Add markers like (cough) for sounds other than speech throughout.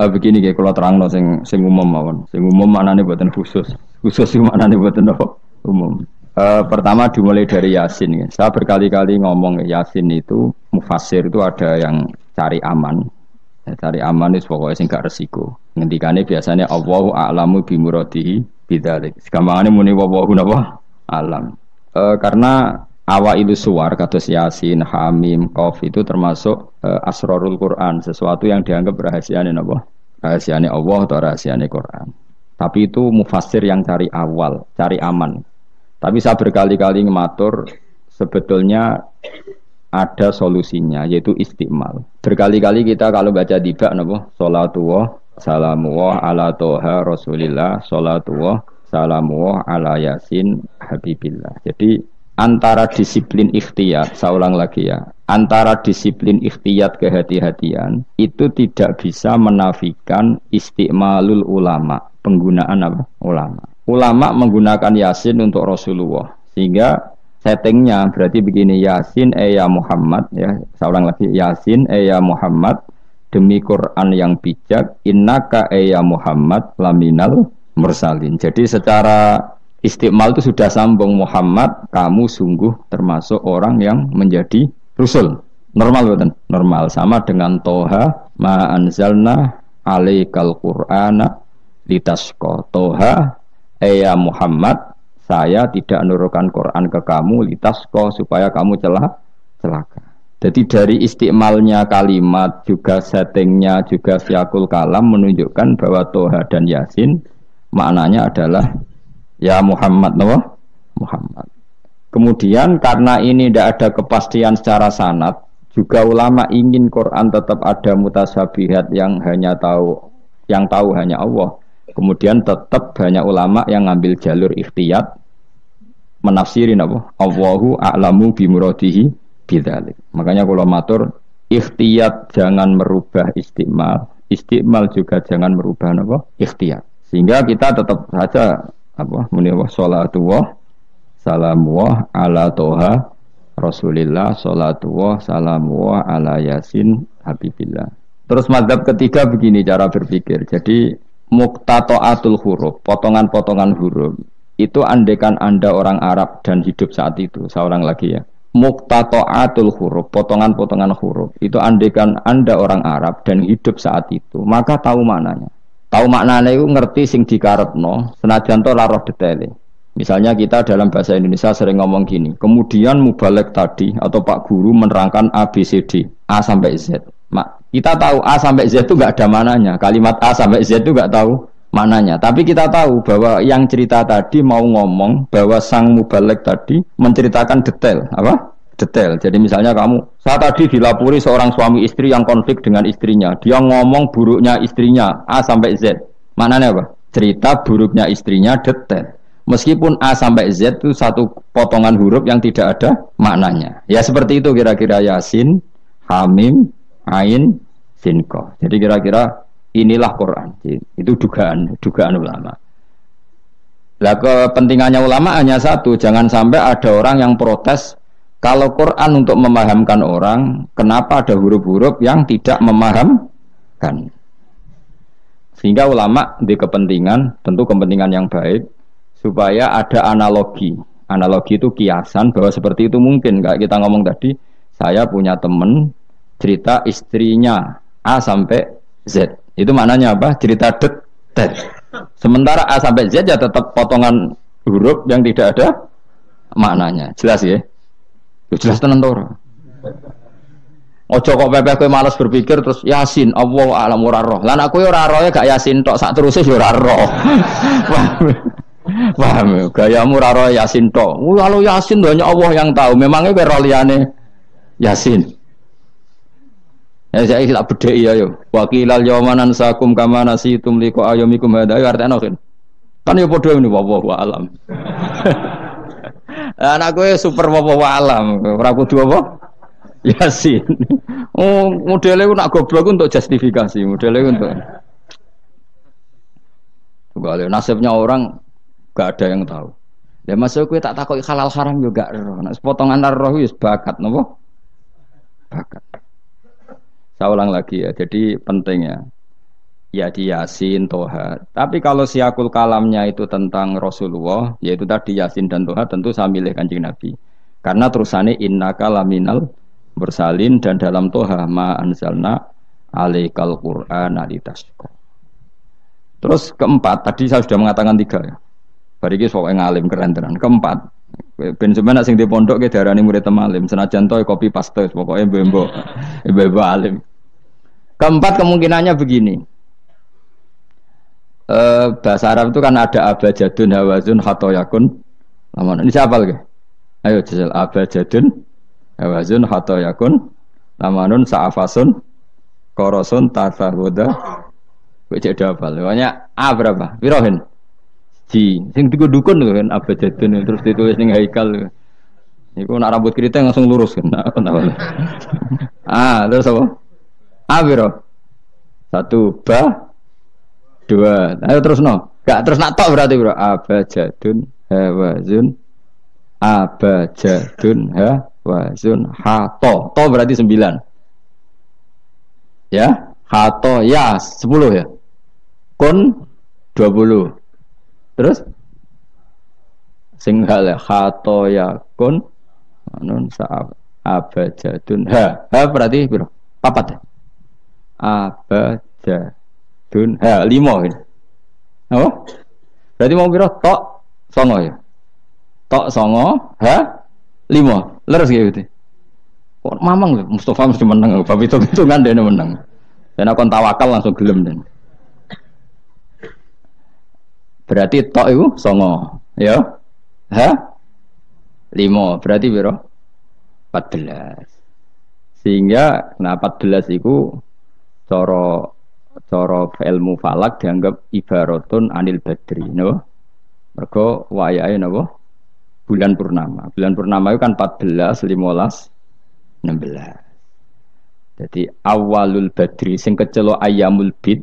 uh, begini kayak kalau terang sing sing umum mawon sing umum mana nih buatan khusus khusus mana nih buatan no? umum uh, pertama dimulai dari yasin ya. saya berkali-kali ngomong yasin itu mufasir itu ada yang cari aman ya, cari aman itu pokoknya sing gak resiko ngendikane biasanya Allahu a'lamu bimurotihi bidalik. sekamangane muni wawahu napa alam uh, karena Awa ilu suar, kados Yasin, Hamim, Kof itu termasuk uh, asrorul Quran, sesuatu yang dianggap rahasia Nabi, rahasia nih Allah atau rahasia nih Quran. Tapi itu mufasir yang cari awal, cari aman. Tapi saya berkali-kali ngematur sebetulnya ada solusinya yaitu istimal. Berkali-kali kita kalau baca Salatu napa salatullah salamuwah ala toha rasulillah salatullah salamuwah ala yasin habibillah. Jadi antara disiplin ikhtiyat, saya ulang lagi ya, antara disiplin ikhtiyat kehati-hatian itu tidak bisa menafikan istiqmalul ulama, penggunaan apa? ulama. Ulama menggunakan yasin untuk Rasulullah, sehingga settingnya berarti begini yasin eh ya Muhammad ya, saya ulang lagi yasin eh ya Muhammad demi Quran yang bijak innaka eh ya Muhammad laminal mursalin. Jadi secara Istiqmal itu sudah sambung Muhammad, kamu sungguh termasuk orang yang menjadi rusul. Normal bukan? normal sama dengan Toha ma anzalna alaikal Qur'ana litasko Toha Eya eh, Muhammad saya tidak nurukan Quran ke kamu litasko supaya kamu celah celaka. Jadi dari istimalnya kalimat juga settingnya juga siakul kalam menunjukkan bahwa Toha dan Yasin maknanya adalah Ya Muhammad Nawa Muhammad. Kemudian karena ini tidak ada kepastian secara sanat, juga ulama ingin Quran tetap ada mutasabihat yang hanya tahu yang tahu hanya Allah. Kemudian tetap banyak ulama yang ngambil jalur ikhtiyat menafsirin apa? Allahu a'lamu bimuradihi bidzalik. Makanya kalau matur ikhtiyat jangan merubah istimal, istimal juga jangan merubah apa? Ikhtiyat. Sehingga kita tetap saja apa muni wa salatu wa salam wa ala toha Rasulillah salatu wa salam wa ala yasin habibillah. Terus mazhab ketiga begini cara berpikir. Jadi muktatoatul huruf, potongan-potongan huruf. Itu andekan Anda orang Arab dan hidup saat itu, seorang lagi ya. Muktatoatul huruf, potongan-potongan huruf. Itu andekan Anda orang Arab dan hidup saat itu, maka tahu mananya. Tahu maknanya itu ngerti sing dikarepno, senajan to roh detail. Misalnya kita dalam bahasa Indonesia sering ngomong gini, kemudian mubalek tadi atau Pak Guru menerangkan A, B, C, D, A sampai Z. Mak, kita tahu A sampai Z itu gak ada mananya, kalimat A sampai Z itu gak tahu mananya. Tapi kita tahu bahwa yang cerita tadi mau ngomong bahwa sang mubalek tadi menceritakan detail apa? detail. Jadi misalnya kamu, saya tadi dilapori seorang suami istri yang konflik dengan istrinya. Dia ngomong buruknya istrinya A sampai Z. Maknanya apa? Cerita buruknya istrinya detail. Meskipun A sampai Z itu satu potongan huruf yang tidak ada maknanya. Ya seperti itu kira-kira Yasin, Hamim, Ain, Sinko. Jadi kira-kira inilah Quran. Itu dugaan, dugaan ulama. Lah kepentingannya ulama hanya satu, jangan sampai ada orang yang protes kalau Quran untuk memahamkan orang, kenapa ada huruf-huruf yang tidak memahamkan? Sehingga ulama di kepentingan, tentu kepentingan yang baik, supaya ada analogi. Analogi itu kiasan bahwa seperti itu mungkin. Kayak kita ngomong tadi, saya punya teman cerita istrinya A sampai Z. Itu maknanya apa? Cerita detail. Sementara A sampai Z ya tetap potongan huruf yang tidak ada maknanya. Jelas ya? Ya jelas tenan to Ojo kok pepeh kowe males berpikir terus Yasin Allah alam ora roh. Lan aku ora roh ya gak Yasin tok sak terus ya ora roh. (laughs) Paham ya? Paham ya? Gayamu ora roh Yasin tok. lalu Yasin hanya Allah yang tahu. Memangnya kowe roh liyane Yasin. Ya saya tak beda ya yo. Wakilal yaumanan sakum kama nasitum liqa ayyumikum hadha. Artinya kan. Kan yo ini ngene wa alam. (laughs) anak gue super apa alam dua kudu apa yasin oh, modelnya gue nak goblok untuk justifikasi modelnya untuk Tunggal nasibnya orang gak ada yang tahu. Ya masuk gue tak takut halal haram juga roh. Nah, potongan roh itu bakat, nopo bakat. Saya ulang lagi ya. Jadi pentingnya ya di Yasin, Toha. Tapi kalau siakul kalamnya itu tentang Rasulullah, yaitu tadi Yasin dan Toha, tentu saya milih kanjeng Nabi. Karena terusannya inna kalaminal bersalin dan dalam Toha ma anzalna alaikal Qur'an alitas. Terus keempat, tadi saya sudah mengatakan tiga ya. Bariki soalnya ngalim keren tenan. Keempat, ben sampean sing di pondok ke darani murid temalim, senajan toy kopi paste pokoknya bembo, bembo alim. Keempat kemungkinannya begini. Eh, bahasa Arab itu kan ada abajadun, hawazun, hatoyakun. Lamun ini siapa lagi? Ayo jelas abajadun, hawazun, hatoyakun. Lamanun sa'afasun, korosun, tarfahuda. baca apa? apa lewanya A berapa? Wirohin. si Sing tiga dukun tuh kan abajadun terus ditulis nih haikal. Iku nak rambut kita langsung lurus kan. ah, (laughs) terus apa? A Satu ba dua ayo terus no gak terus nak tok berarti bro abajadun hawazun abajadun hawazun hato to berarti sembilan ya hato ya sepuluh ya kun dua puluh terus singgal ya hato ya kun non saab abajadun ha ha berarti bro papat ya abajadun Dun, ha, eh, limo ini, Apa? Berarti mau piro tok songo ya. Tok songo, ha, limo. Leres gitu. itu. Kok mamang lho, Mustafa mesti menang. Bab itu itu kan dia menang. Dan aku tawakal langsung gelem dan. Berarti tok itu songo, ya. Ha? Limo, berarti piro? 14. Sehingga nah 14 itu coro cara ilmu falak dianggap ibaratun anil badri no mergo wayahe napa bulan purnama bulan purnama itu kan 14 15 16 jadi awalul badri sing kecelo ayamul bid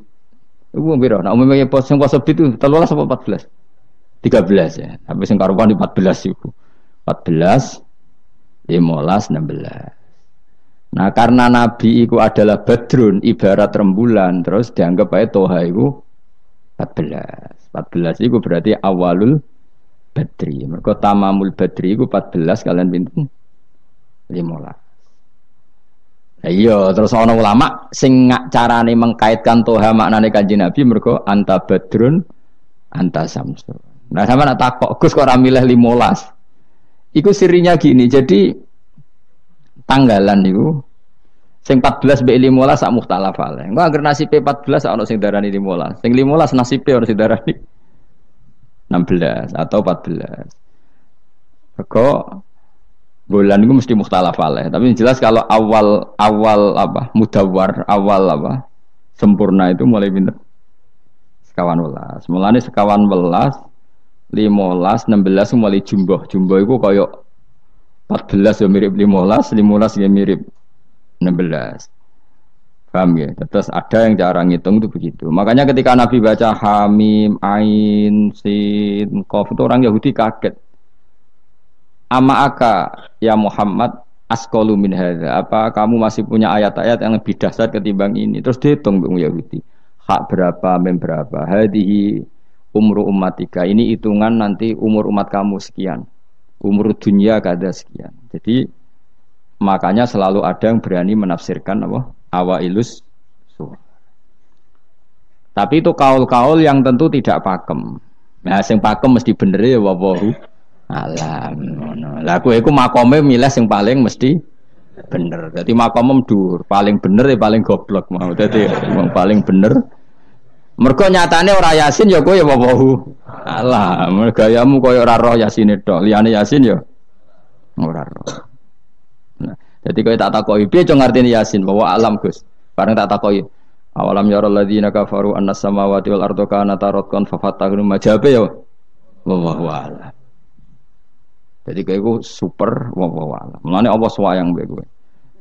ibu ngira, nek umumnya pos sing poso bid itu 13 apa 14 13 ya tapi sing karuan di 14 iku 14 15 16 Nah karena Nabi itu adalah badrun ibarat rembulan terus dianggap aja toha itu 14. 14 itu berarti awalul badri. Mereka tamamul badri itu 14 kalian pinten 15. ayo iya, terus ana ulama sing carane mengkaitkan toha maknane kanjeng Nabi mereka anta badrun anta samsu. Nah sama nak takok Gus kok ora milih 15. Iku sirinya gini. Jadi tanggalan itu sing 14 be 15 sak muhtalaf ale. Engko anggere nasib 14 sak ono sing darani 15. Sing 15 nasib ono sing darani 16 atau 14. Rego bulan itu mesti muhtalaf ale. Tapi yang jelas kalau awal awal apa mudawar awal apa sempurna itu mulai pinter sekawan welas. Mulane sekawan welas 15, 16 mulai jumbo. Jumbo itu koyok 14 ya mirip 15, 15 ya mirip 16. Paham ya? Terus ada yang cara ngitung itu begitu. Makanya ketika Nabi baca Hamim, Ain, Sin, Kof itu orang Yahudi kaget. Ama ya Muhammad askolu min hadha. Apa kamu masih punya ayat-ayat yang lebih dasar ketimbang ini? Terus dihitung Bung Yahudi. Hak berapa, mem berapa. Hadihi umru umatika. Ini hitungan nanti umur umat kamu sekian umur dunia kada sekian. Jadi makanya selalu ada yang berani menafsirkan apa awa ilus suwa. Tapi itu kaul-kaul yang tentu tidak pakem. Nah, sing pakem mesti bener ya wawahu alam. Lah kowe iku makome milih sing paling mesti bener. Jadi makomem dur, paling bener ya paling goblok mau. Dadi paling bener Mergo nyatane ora Yasin ya kowe ya wawahu. Alah, gayamu koyo ora roh Yasine tok, liyane Yasin ya ora roh. Nah, dadi kowe tak takoki piye cung artine Yasin bahwa alam Gus. Bareng tak takoki awalam ya naka kafaru anna samawati wal ardu kana taratkan fafatahnu majabe ya wawahu alam. Jadi kayak gue super wawahu wala, Mulane Allah swayang mbek gue.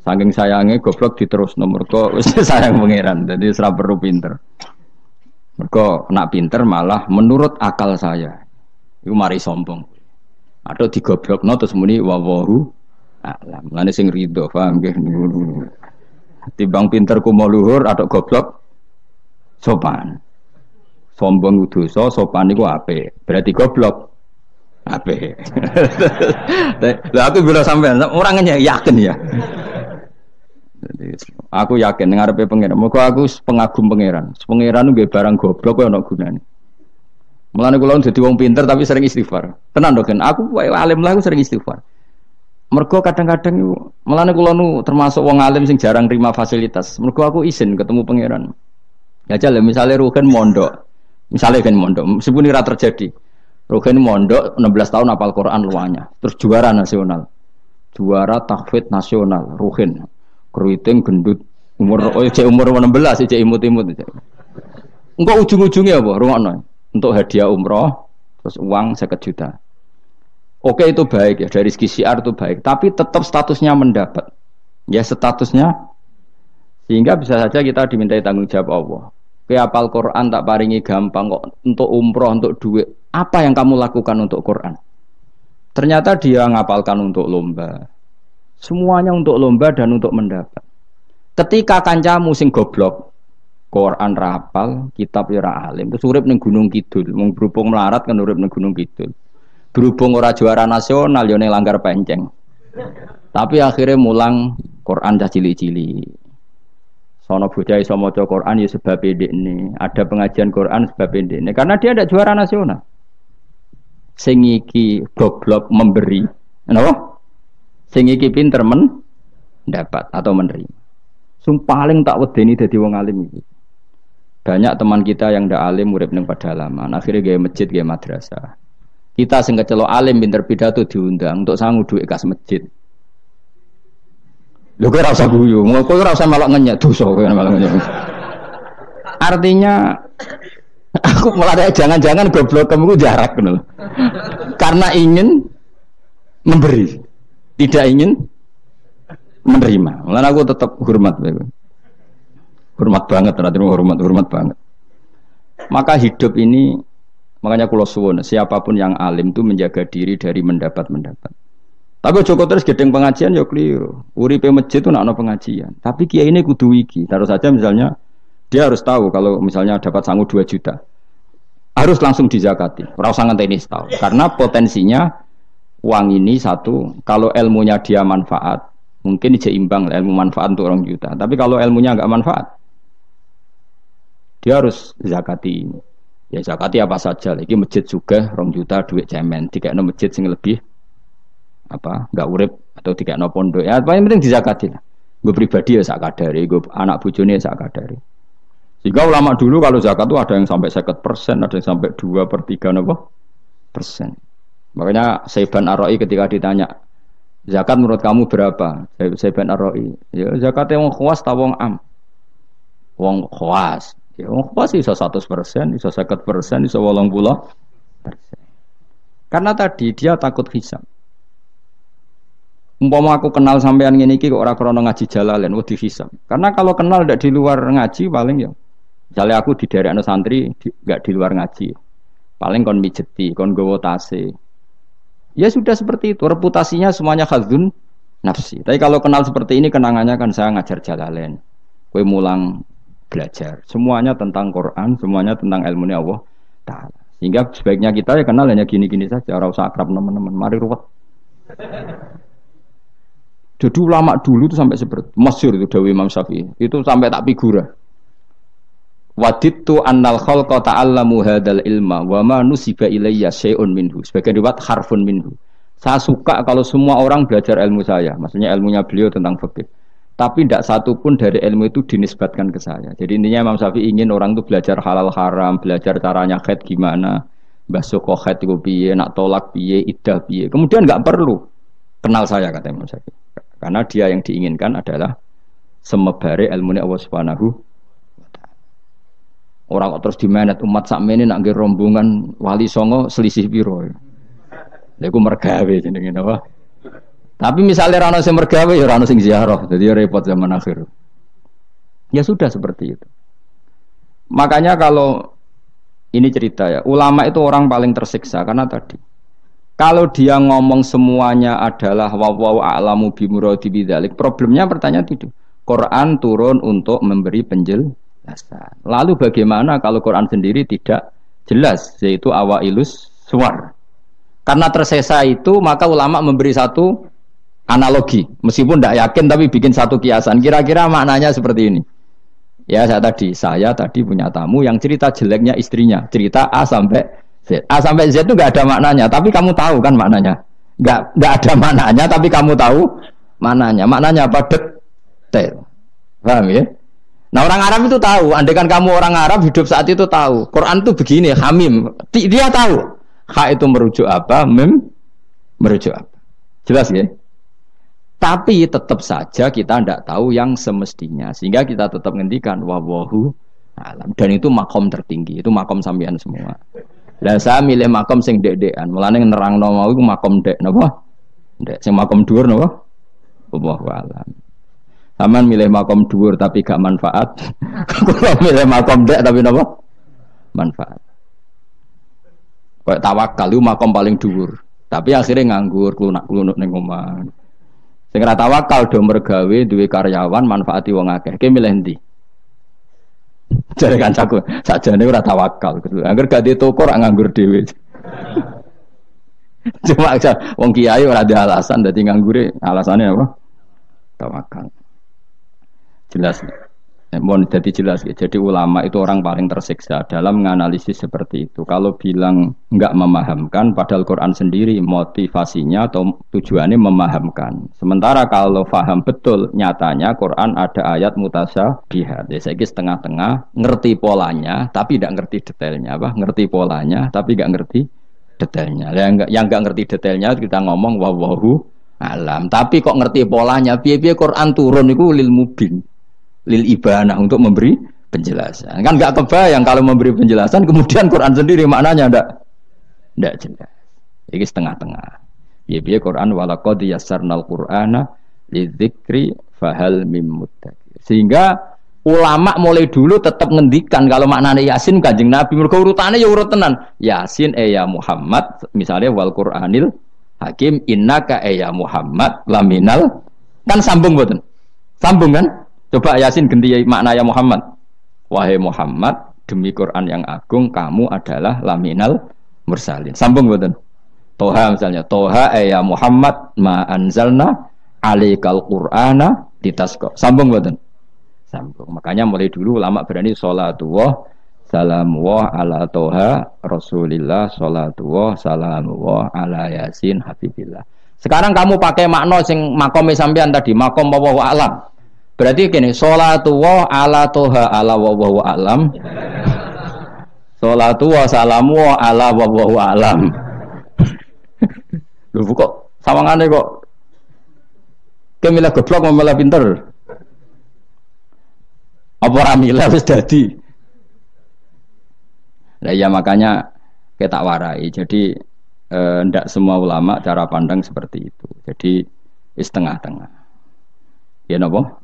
Saking sayangnya goblok terus nomor kok sayang pangeran. Jadi serap perlu pinter. Mereka nak pinter malah menurut akal saya. Iku mari sombong. Ada digoblokno terus muni wawahu alam. Lan sing ridho paham nggih. Timbang pinter kumo luhur ada goblok sopan. Sombong dosa, sopan itu apik. Berarti goblok apik. (laughs) Lah aku bilang sampean orang yakin ya aku yakin dengar apa pengiran. Mergo aku pengagum Pengiran Pangeran nggih barang goblok kok ana gunane. Melani kula jadi wong pinter tapi sering istighfar. Tenang dogen, aku alim lah aku sering istighfar. Mergo kadang-kadang melani kula nu termasuk wong alim sing jarang terima fasilitas. Mergo aku izin ketemu pangeran. Ya jale misalnya Rugen mondok. misalnya rugen mondok, meskipun ora terjadi. Rugen mondok 16 tahun apal Quran luanya, terus juara nasional. Juara takfit nasional Rugen Keriting gendut umur nah. oh cek umur 16 cek imut-imut cek. enggak ujung-ujungnya apa? non Untuk hadiah umroh terus uang sekitar juta. Oke itu baik ya dari segi syiar itu baik, tapi tetap statusnya mendapat. Ya statusnya sehingga bisa saja kita dimintai tanggung jawab Allah. Ke apal Quran tak paringi gampang kok untuk umroh untuk duit. Apa yang kamu lakukan untuk Quran? Ternyata dia ngapalkan untuk lomba, Semuanya untuk lomba dan untuk mendapat. Ketika kancamu sing goblok, Quran rapal, kitab ya alim, terus urip ning Gunung Kidul, mung berhubung melarat kan urip ning Gunung Kidul. Berhubung ora juara nasional yo langgar penceng. Tapi akhirnya mulang Quran cah cili-cili. Sono bocah iso maca Quran ya sebab ini. Ada pengajian Quran sebab ini. Karena dia ada juara nasional. Sing iki goblok memberi. Kenapa? Sing iki pinter men dapat atau menerima. Sing paling tak wedeni dadi wong alim iki. Banyak teman kita yang ndak alim murid ning pedalaman, akhirnya gaya masjid, gaya madrasah. Kita sing kecelok alim pinter pidato diundang untuk sangu duit kas masjid. Lho kowe ora usah guyu, kowe ora usah malah ngenyek dosa kowe malah ngenyek. Artinya aku malah jangan-jangan goblok kamu jarak Karena ingin memberi tidak ingin menerima. Lalu aku tetap hormat. Hormat banget, terima hormat, hormat banget. Maka hidup ini, makanya kulo suwon, siapapun yang alim itu menjaga diri dari mendapat-mendapat. Tapi Joko terus gedeng pengajian yo ya keliru. Uripe masjid itu nak pengajian. Tapi kiai ini kudu iki. Taruh saja misalnya dia harus tahu kalau misalnya dapat sanggup 2 juta. Harus langsung dizakati. Rasangan usah tahu karena potensinya uang ini satu, kalau ilmunya dia manfaat, mungkin seimbang ilmu manfaat untuk orang juta. Tapi kalau ilmunya nggak manfaat, dia harus zakati ini. Ya zakati apa saja. Lagi masjid juga orang juta duit cemen, tiga no masjid sing lebih apa nggak urip atau tiga no pondok. Ya paling penting dizakati lah. Gue pribadi ya sakadari, gue anak bujoni ya zakat sakadari. Sehingga ulama dulu kalau zakat itu ada yang sampai sekitar persen, ada yang sampai dua per tiga no, persen. Makanya Saiban Aroi ketika ditanya, zakat menurut kamu berapa? Saiban Aroi, ya zakat yang khuas am, wong am. Wong khuas. Ya wong khuas iso persen bisa 50%, iso persen Karena tadi dia takut hisap. Umpama aku kenal sampean ini ki kok orang krana ngaji jalalen wedi hisap. Karena kalau kenal tidak di luar ngaji paling ya misalnya aku di daerah santri nggak di, di luar ngaji. Paling kon mijeti, kon gowo tase, Ya sudah seperti itu, reputasinya semuanya khazun nafsi. Tapi kalau kenal seperti ini kenangannya kan saya ngajar jalalain. Kue mulang belajar. Semuanya tentang Quran, semuanya tentang ilmu Allah taala. Sehingga sebaiknya kita ya kenal hanya gini-gini saja, orang usah akrab teman-teman. Mari ruwet. Jadi ulama dulu itu sampai seperti Mesir itu Dewi Imam Syafi'i. Itu sampai tak figura. Wadittu annal khalqa ta'allamu hadal ilma wa ma nusiba ilayya syai'un minhu. Sebagai riwayat harfun minhu. Saya suka kalau semua orang belajar ilmu saya, maksudnya ilmunya beliau tentang fikih. Tapi tidak satu pun dari ilmu itu dinisbatkan ke saya. Jadi intinya Imam Syafi'i ingin orang itu belajar halal haram, belajar caranya khed gimana, basuh khed itu piye, nak tolak piye, idah piye. Kemudian nggak perlu kenal saya kata Imam Syafi'i. Karena dia yang diinginkan adalah semebare ilmu Allah Subhanahu Orang kok terus dimenet umat sakmene nak rombongan wali songo selisih piro. Lha iku mergawe jenenge napa? Tapi misalnya rano sing mergawe ya rano sing ziarah, jadi ya repot zaman akhir. Ya sudah seperti itu. Makanya kalau ini cerita ya, ulama itu orang paling tersiksa karena tadi kalau dia ngomong semuanya adalah wawaw a'lamu bimuradi bidalik. problemnya pertanyaan itu. Quran turun untuk memberi penjelasan jelaskan. Lalu bagaimana kalau Quran sendiri tidak jelas yaitu ilus suar. Karena tersesa itu maka ulama memberi satu analogi meskipun tidak yakin tapi bikin satu kiasan kira-kira maknanya seperti ini ya saya tadi saya tadi punya tamu yang cerita jeleknya istrinya cerita A sampai Z A sampai Z itu nggak ada maknanya tapi kamu tahu kan maknanya nggak nggak ada maknanya tapi kamu tahu maknanya maknanya apa detail paham ya Nah orang Arab itu tahu, andaikan kamu orang Arab hidup saat itu tahu. Quran itu begini, hamim. Dia tahu. Ha itu merujuk apa, mem merujuk apa. Jelas ya? Tapi tetap saja kita tidak tahu yang semestinya. Sehingga kita tetap ngendikan wawahu alam. Dan itu makom tertinggi, itu makom sampean semua. dan saya milih makom sing dek-dekan. Mulane nerang mau makom dek napa? Dek sing makom dur napa? wawahu alam. Aman milih makom dhuwur tapi gak manfaat. Hmm. (laughs) Kulo milih makom dek tapi napa? Manfaat. Kayak tawakal itu makom paling dhuwur. Tapi akhirnya nganggur, kelunak klunuk ning omah. Sing ora tawakal do mergawe duwe karyawan manfaati wong akeh. Ki milih endi? (laughs) Jare kancaku, sakjane ora tawakal gitu. Angger gak ditukur nganggur dhewe. (laughs) Cuma wong kiai ora ada alasan dadi nganggure, alasannya apa? Tawakal. Jelas. Eh, mohon jadi jelas. Ya. Jadi ulama itu orang paling tersiksa dalam menganalisis seperti itu. Kalau bilang nggak memahamkan, padahal Quran sendiri motivasinya atau tujuannya memahamkan. Sementara kalau faham betul, nyatanya Quran ada ayat mutasyabihat. Ya, saya setengah-tengah ngerti polanya, tapi tidak ngerti detailnya. Apa? Ngerti polanya, tapi nggak ngerti detailnya. Yang nggak yang ngerti detailnya kita ngomong wahu alam. Tapi kok ngerti polanya? Biaya-biaya Quran turun itu lil mubin lil ibanah untuk memberi penjelasan. Kan nggak kebayang kalau memberi penjelasan kemudian Quran sendiri maknanya ndak ndak jelas. Ini setengah-tengah. Ya biya iya, Quran walaqad yassarnal Qur'ana lidzikri fahal mim Sehingga ulama mulai dulu tetap ngendikan kalau maknanya Yasin Kanjeng Nabi mergo urutane ya urut Yasin eh ya Muhammad misalnya wal Qur'anil Hakim innaka eh ya Muhammad laminal kan sambung boten. Sambung kan? Coba Yasin ganti makna ya Muhammad. Wahai Muhammad, demi Quran yang agung kamu adalah laminal mursalin. Sambung buatan. Toha misalnya, Toha eh, ya Muhammad ma anzalna alaikal Qur'ana ditasko. Sambung buatan. Sambung. Makanya mulai dulu lama berani sholatullah salamullah ala Toha Rasulillah sholatullah salamullah ala Yasin Habibillah. Sekarang kamu pakai makna sing makom sampean tadi, makom bawa alam. Berarti gini, wa ala toha ala wa alam. Sholatullah salamu ala wa alam. Lu (laughs) kok sawangane kok kemila goblok memilah pinter. Apa ramilah wis dadi. Nah ya makanya kita warai. Jadi eh, ndak semua ulama cara pandang seperti itu. Jadi setengah-tengah. Ya nopo?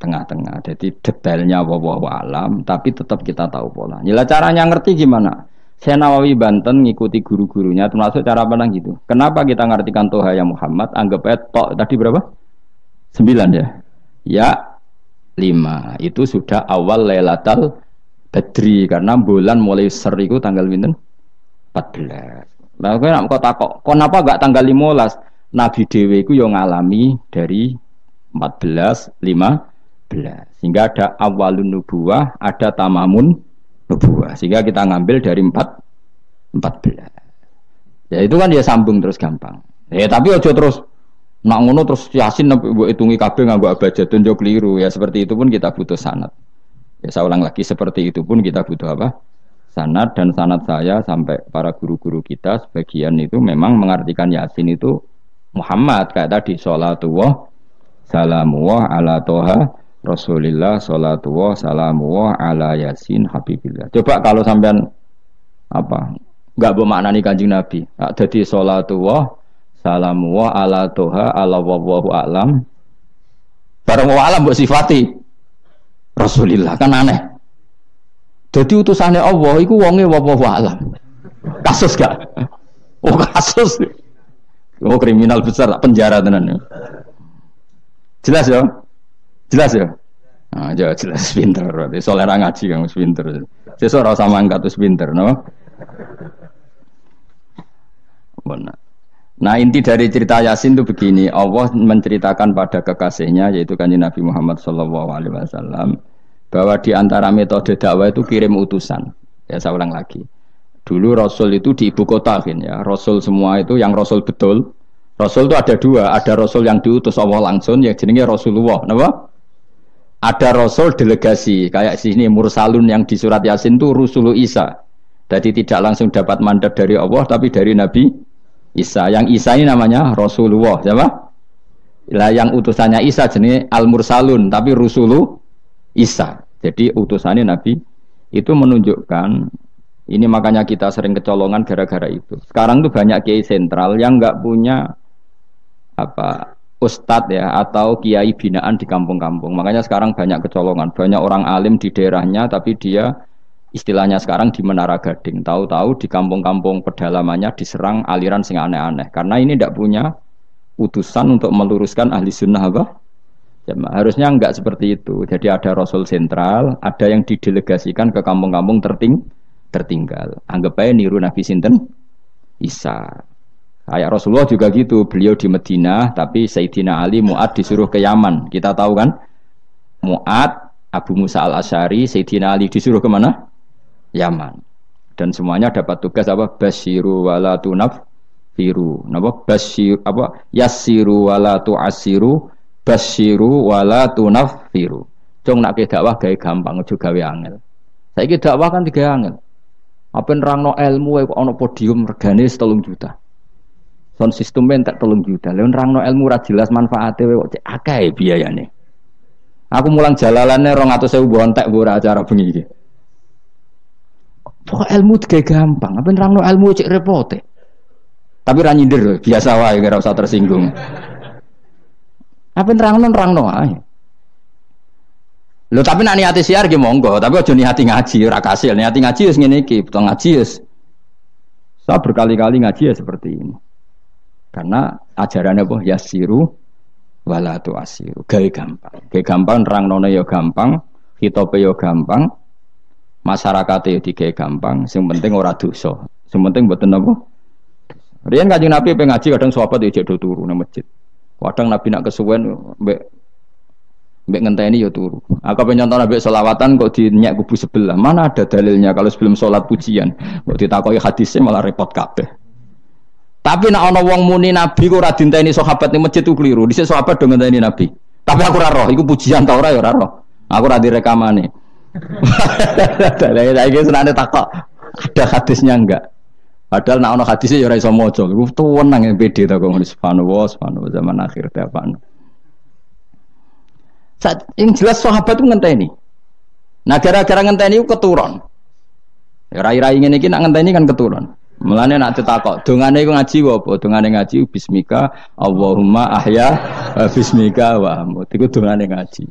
tengah-tengah. Jadi detailnya wawahu alam, tapi tetap kita tahu pola. Nila ya, caranya ngerti gimana? Saya Nawawi Banten ngikuti guru-gurunya termasuk cara pandang gitu. Kenapa kita ngartikan Toha ya Muhammad? Anggap aja tok tadi berapa? Sembilan ya. Ya lima itu sudah awal Lailatul Badri karena bulan mulai seriku tanggal empat 14. Lah kok tak kok takok, kenapa gak tanggal 15? Nabi Dewi ku yang ngalami dari empat belas lima sehingga ada awalun nubuah, ada tamamun nubuah. Sehingga kita ngambil dari empat empat belas. Ya itu kan ya sambung terus gampang. Ya tapi ojo terus nak ngono terus Yasin buat hitungi kabel nggak buat baca tunjuk keliru. Ya seperti itu pun kita butuh sanat Ya saya ulang lagi seperti itu pun kita butuh apa? sanat dan sanat saya sampai para guru-guru kita sebagian itu memang mengartikan Yasin itu Muhammad kayak tadi sholatullah salamullah ala toha Rasulillah salatu salamu ala yasin habibillah. Coba kalau sampean apa? Enggak bermaknani Kanjeng Nabi. Jadi salatu salamu ala toha ala wallahu alam. Barang wa alam mbok sifati Rasulillah kan aneh. Jadi utusannya Allah itu wonge wallahu alam. Kasus gak? Oh kasus. Oh kriminal besar penjara tenan. Jelas ya? Jelas ya? Nah, jelas jelas (laughs) pinter berarti. Soalnya ngaji kan pinter. saya seorang sama angkat wis pinter, no? Benar. Nah inti dari cerita Yasin itu begini, Allah menceritakan pada kekasihnya yaitu kanji Nabi Muhammad Shallallahu Alaihi Wasallam bahwa di antara metode dakwah itu kirim utusan. Ya saya ulang lagi. Dulu Rasul itu di ibu kota kan ya. Rasul semua itu yang Rasul betul. Rasul itu ada dua, ada Rasul yang diutus Allah langsung yang jenenge Rasulullah, no? ada rasul delegasi kayak sini mursalun yang di surat yasin itu rusulu Isa jadi tidak langsung dapat mandat dari Allah tapi dari Nabi Isa yang Isa ini namanya Rasulullah siapa? Lah yang utusannya Isa jenis al mursalun tapi rusulu Isa jadi utusannya Nabi itu menunjukkan ini makanya kita sering kecolongan gara-gara itu sekarang tuh banyak kiai sentral yang nggak punya apa Ustad ya atau kiai binaan di kampung-kampung. Makanya sekarang banyak kecolongan, banyak orang alim di daerahnya tapi dia istilahnya sekarang di Menara Gading. Tahu-tahu di kampung-kampung pedalamannya diserang aliran sing aneh-aneh. Karena ini tidak punya utusan untuk meluruskan ahli sunnah apa? Harusnya nggak seperti itu. Jadi ada Rasul sentral, ada yang didelegasikan ke kampung-kampung terting tertinggal. Anggap aja niru Nabi Sinten Isa. Ayat Rasulullah juga gitu, beliau di Medina, tapi Sayyidina Ali Mu'ad disuruh ke Yaman. Kita tahu kan? Mu'ad, Abu Musa al-Asyari, Sayyidina Ali disuruh kemana? Yaman. Dan semuanya dapat tugas apa? Basiru wala tunaf firu. Napa? Basir apa? Yasiru wala tu'asiru, basiru wala tunaf firu. Cung nak dakwah gaya gampang juga gawe angel. Saiki dakwah kan tiga angel. Apa nerangno ilmu kok ono podium regane setelung juta. Sound system tak tolong juta. Lain no ilmu rajilas jelas manfaatnya kok cek biaya nih Aku mulang saya 200.000 tak mbok acara bunyi iki. Pokok ilmu tiga gampang, apa nerangno elmu cek repot Tapi ranyider nyindir loh, biasa wae ora usah tersinggung. Apa nerangno nerangno wae. Lo tapi nak hati siar ge monggo, tapi nih hati ngaji ora kasil. Niati ngaji wis ngene iki, butuh ngaji wis. Saya berkali-kali ngaji ya seperti ini. Karena ajarannya boh yasiru wala tu asiru. Gawe gampang. Gawe gampang rang nona ya yo gampang, hitope yo ya gampang, masyarakat yo ya di digawe gampang. Sing penting ora dosa. Sing penting buat apa? Rian ngaji Nabi pengaji kadang suapa di jadu turu nama masjid. Kadang Nabi nak kesuwen be ngentah ini yo turu. Aku pengen nabi selawatan kok di nyak kubu sebelah. Mana ada dalilnya kalau sebelum sholat pujian? Kok ditakoi hadisnya malah repot kabeh. Tapi nak ono wong muni nabi kok ora dinteni sahabat ning masjid ku keliru. Dhisik sahabat do ngenteni nabi. Tapi aku ora roh, iku pujian ta ora ya ora roh. Aku ora direkamane. Lah (laughs) iki senane takok. Ada hadisnya enggak? Padahal nak ono hadisnya ya ora iso maca. Iku tuwen nang PD ta kok subhanallah, subhanallah zaman akhir ta apaan. Saat yang jelas sahabat ku ngenteni. Nah gara-gara ngenteni ku keturun. Ya rai-rai ngene iki nak ngenteni kan keturun. Mulane nak ditakok, dongane iku ngaji apa? Dongane ngaji bismika Allahumma ahya eh, bismika wa amut. Iku dongane ngaji.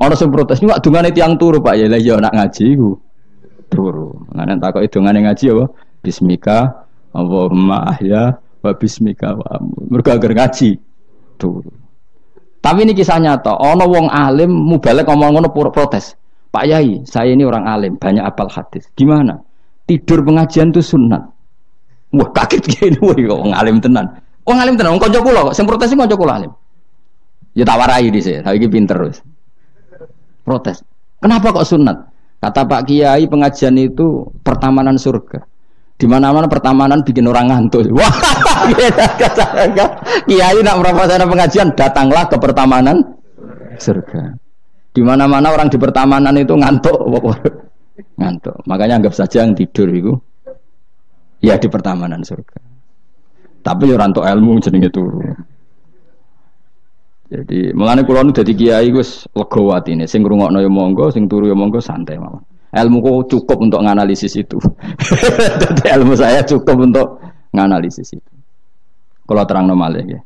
Ana sing protes, "Kok dongane tiang turu, Pak?" Ya lah ya nak ngaji iku. Turu. Mulane takoki dongane ngaji apa? Bismika Allahumma ahya wa bismika wa amut. Mergo ngaji turu. Tapi ini kisah nyata, ono wong alim mubalek ngomong ngono protes. Pak Yai, saya ini orang alim, banyak apal hadis. Gimana? Tidur pengajian itu sunat. Wah kaget (laughs) gini, wah kok ngalim tenan. Wah ngalim tenan, kau kula kok, sing protes kau alim. Ya tawarai di sini, tapi pinter terus. Protes. Kenapa kok sunat? Kata Pak Kiai pengajian itu pertamanan surga. Di mana-mana pertamanan bikin orang ngantuk. (laughs) Wah, Kiai nak merasakan pengajian, datanglah ke pertamanan surga. Di mana-mana orang di pertamanan itu ngantuk. (laughs) ngantuk. Makanya anggap saja yang tidur itu ya di pertamanan surga tapi orang rantuk ilmu jenenge turu jadi mengani kulon nu dadi kiai wis lega ini, sing ngrungokno yo monggo sing turu yo monggo santai mawon ilmu ku cukup untuk nganalisis itu jadi (laughs) ilmu saya cukup untuk nganalisis itu kalau terang normal ya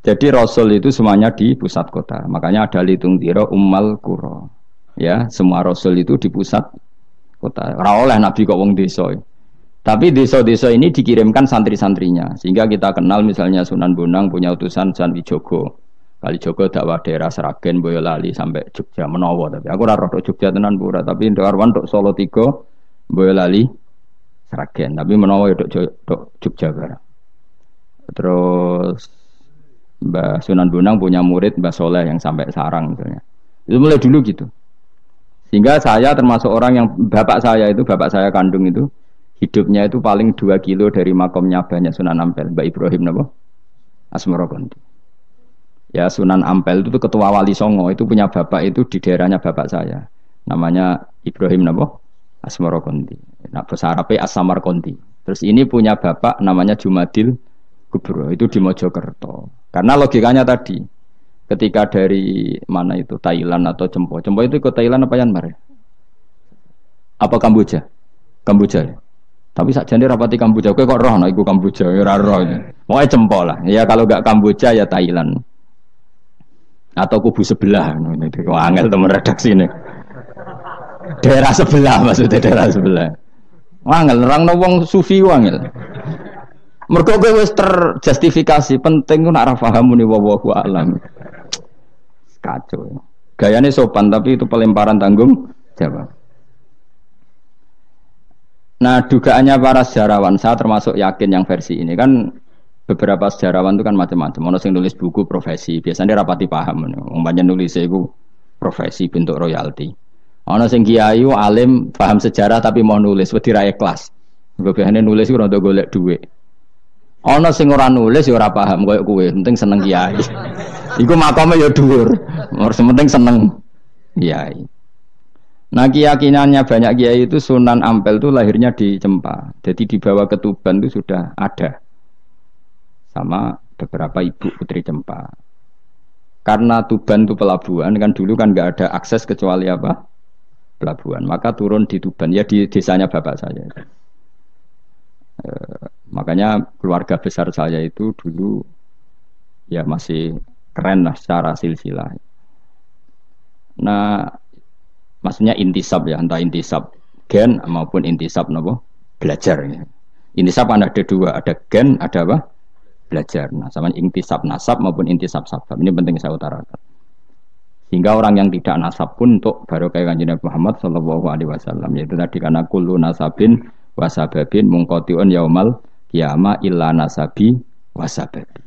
jadi Rasul itu semuanya di pusat kota. Makanya ada litung tiro ummal kuro. Ya, semua Rasul itu di pusat kota. rawolah Nabi kok wong desa. Tapi desa-desa ini dikirimkan santri-santrinya, sehingga kita kenal misalnya Sunan Bonang punya utusan Sunan Wijogo, Kali Joko dakwah daerah Seragen, Boyolali sampai Jogja Menowo. Tapi aku raro Jogja tenan pura, tapi untuk Arwan untuk Solo Tigo, Boyolali, Seragen. Tapi Menowo untuk ya Jogja Barat. Terus Mbah Sunan Bonang punya murid Mbah Soleh yang sampai Sarang misalnya. Itu mulai dulu gitu. Sehingga saya termasuk orang yang bapak saya itu, bapak saya kandung itu, hidupnya itu paling dua kilo dari makomnya banyak Sunan Ampel Mbak Ibrahim nabo Asmoro Kondi ya Sunan Ampel itu ketua wali Songo itu punya bapak itu di daerahnya bapak saya namanya Ibrahim nabo Asmoro Kondi nah bahasa Asmar Asamar Kondi terus ini punya bapak namanya Jumadil Kubro itu di Mojokerto karena logikanya tadi ketika dari mana itu Thailand atau Cempo Cempo itu ke Thailand apa Myanmar ya? apa Kamboja Kamboja ya? Tapi saat rapat rapati Kamboja, kok roh no, iku Kamboja, ya roh. Mau jempol lah. Ya kalau gak Kamboja ya Thailand. Atau kubu sebelah. Ini dia, angel teman redaksi ini. Daerah sebelah maksudnya daerah sebelah. Wangel, orang nongong sufi wangel. Mereka gue wis terjustifikasi, penting gue narafa kamu nih muni alam. Kacau. Gayanya sopan tapi itu pelemparan tanggung jawab. Nah, dugaannya para sejarawan, saya termasuk yakin yang versi ini kan beberapa sejarawan itu kan macam-macam. Ono sing nulis buku profesi, biasanya rapati paham. Umpamanya nulis itu profesi bentuk royalti. Ono sing kiai alim paham sejarah tapi mau nulis wedi rae kelas. Gue biasanya nulis itu rada golek duit. Ono sing orang nulis ya orang paham koyo kowe, penting seneng kiai. (laughs) Iku makomnya ya dhuwur. Ora penting seneng kiai. Nah keyakinannya banyak kiai itu Sunan Ampel itu lahirnya di Cempa. Jadi dibawa ke Tuban itu sudah ada. Sama beberapa ibu putri Cempa. Karena Tuban itu pelabuhan kan dulu kan nggak ada akses kecuali apa? Pelabuhan. Maka turun di Tuban ya di desanya bapak saya. E, makanya keluarga besar saya itu dulu ya masih keren lah secara silsilah. Nah maksudnya intisab ya entah intisab gen maupun intisab nopo belajar ya. intisab kan ada dua ada gen ada apa belajar nah sama intisab nasab maupun intisab sabab ini penting saya utarakan sehingga orang yang tidak nasab pun untuk baru kayak kanjeng Nabi Muhammad Shallallahu Alaihi Wasallam yaitu tadi karena kulu nasabin wasababin mungkotiun yaumal kiamat illa nasabi wasababi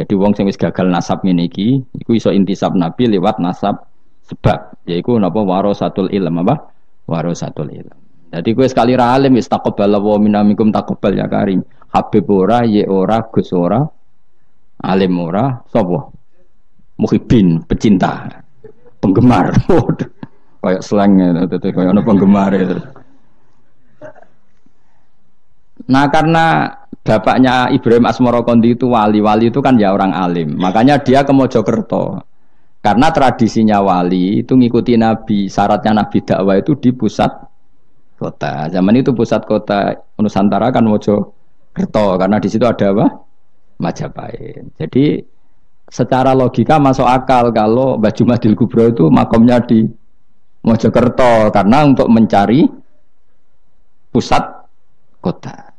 jadi wong sing wis gagal nasab ngene iki iku iso intisab nabi lewat nasab sebab yaiku napa warasatul ilm apa warasatul ilm jadi gue sekali ralim wis wa minamikum takobal ya karim habib ora ye ora gus ora alim ora sapa muhibin pecinta penggemar (laughs) kayak slang itu ya, kayak ono penggemar itu ya, nah karena bapaknya Ibrahim Asmoro Kondi itu wali wali itu kan ya orang alim makanya dia ke Mojokerto karena tradisinya wali itu ngikuti Nabi, syaratnya Nabi dakwah itu di pusat kota. Zaman itu pusat kota Nusantara kan Mojokerto karena di situ ada apa? Majapahit. Jadi secara logika masuk akal kalau baju Madil Kubro itu makomnya di Mojokerto karena untuk mencari pusat kota.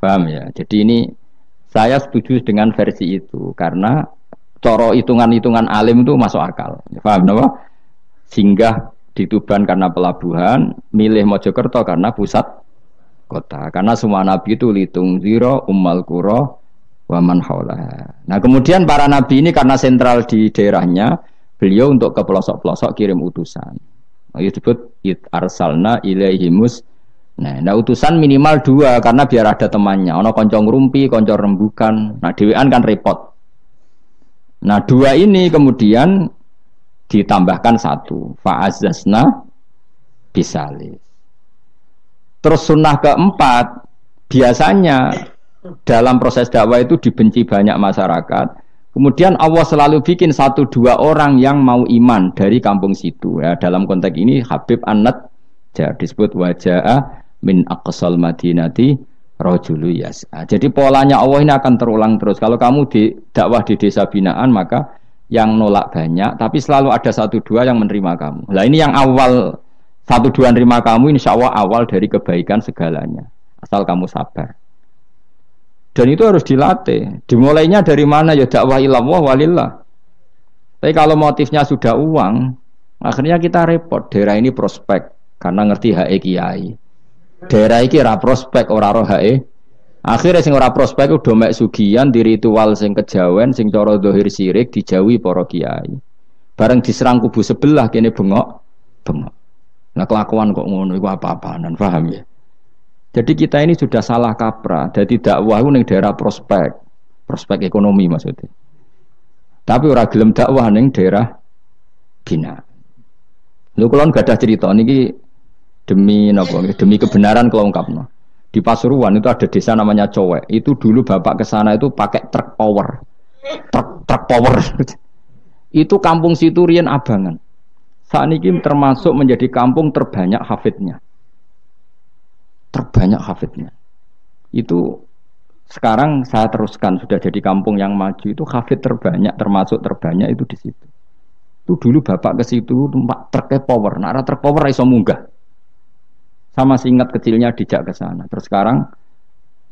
Paham ya? Jadi ini saya setuju dengan versi itu karena coro hitungan-hitungan alim itu masuk akal. Paham napa? Singgah di Tuban karena pelabuhan, milih Mojokerto karena pusat kota. Karena semua nabi itu litung zero ummal kuro waman haula. Nah kemudian para nabi ini karena sentral di daerahnya, beliau untuk ke pelosok-pelosok kirim utusan. Nah, itu disebut it arsalna ilaihimus Nah, nah utusan minimal dua karena biar ada temannya. Ono koncong rumpi, koncong rembukan. Nah dewean kan repot. Nah dua ini kemudian ditambahkan satu Fa'azazna bisalis. Terus sunnah keempat biasanya dalam proses dakwah itu dibenci banyak masyarakat. Kemudian Allah selalu bikin satu dua orang yang mau iman dari kampung situ. Ya, dalam konteks ini Habib Anad jadi disebut wajah min aqsal madinati rojulu yasa. Ah, jadi polanya Allah ini akan terulang terus. Kalau kamu di dakwah di desa binaan maka yang nolak banyak, tapi selalu ada satu dua yang menerima kamu. Nah ini yang awal satu dua menerima kamu, ini Allah awal dari kebaikan segalanya. Asal kamu sabar. Dan itu harus dilatih. Dimulainya dari mana ya dakwah ilallah walillah. Tapi kalau motifnya sudah uang, akhirnya kita repot. Daerah ini prospek karena ngerti hak kiai daerah iki ora prospek ora rohae akhirnya sing ora prospek udah mek sugian di ritual sing kejawen sing coro dohir sirik dijauhi para kiai bareng diserang kubu sebelah kene bengok bengok nah kelakuan kok ngono iku apa-apaan paham ya jadi kita ini sudah salah kaprah. Jadi dakwah itu neng daerah prospek, prospek ekonomi maksudnya. Tapi orang gelem dakwah neng daerah bina. Lu kalau nggak ada cerita niki demi nopo iya. demi kebenaran kelengkap no. di Pasuruan itu ada desa namanya Cowek itu dulu bapak ke sana itu pakai truk power truk truk power (laughs) itu kampung situ Rian Abangan saat ini hmm. termasuk menjadi kampung terbanyak hafidnya terbanyak hafidnya itu sekarang saya teruskan sudah jadi kampung yang maju itu hafid terbanyak termasuk terbanyak itu di situ itu dulu bapak ke situ tempat truknya power nara truk power iso munggah sama singkat kecilnya dijak ke sana. Terus sekarang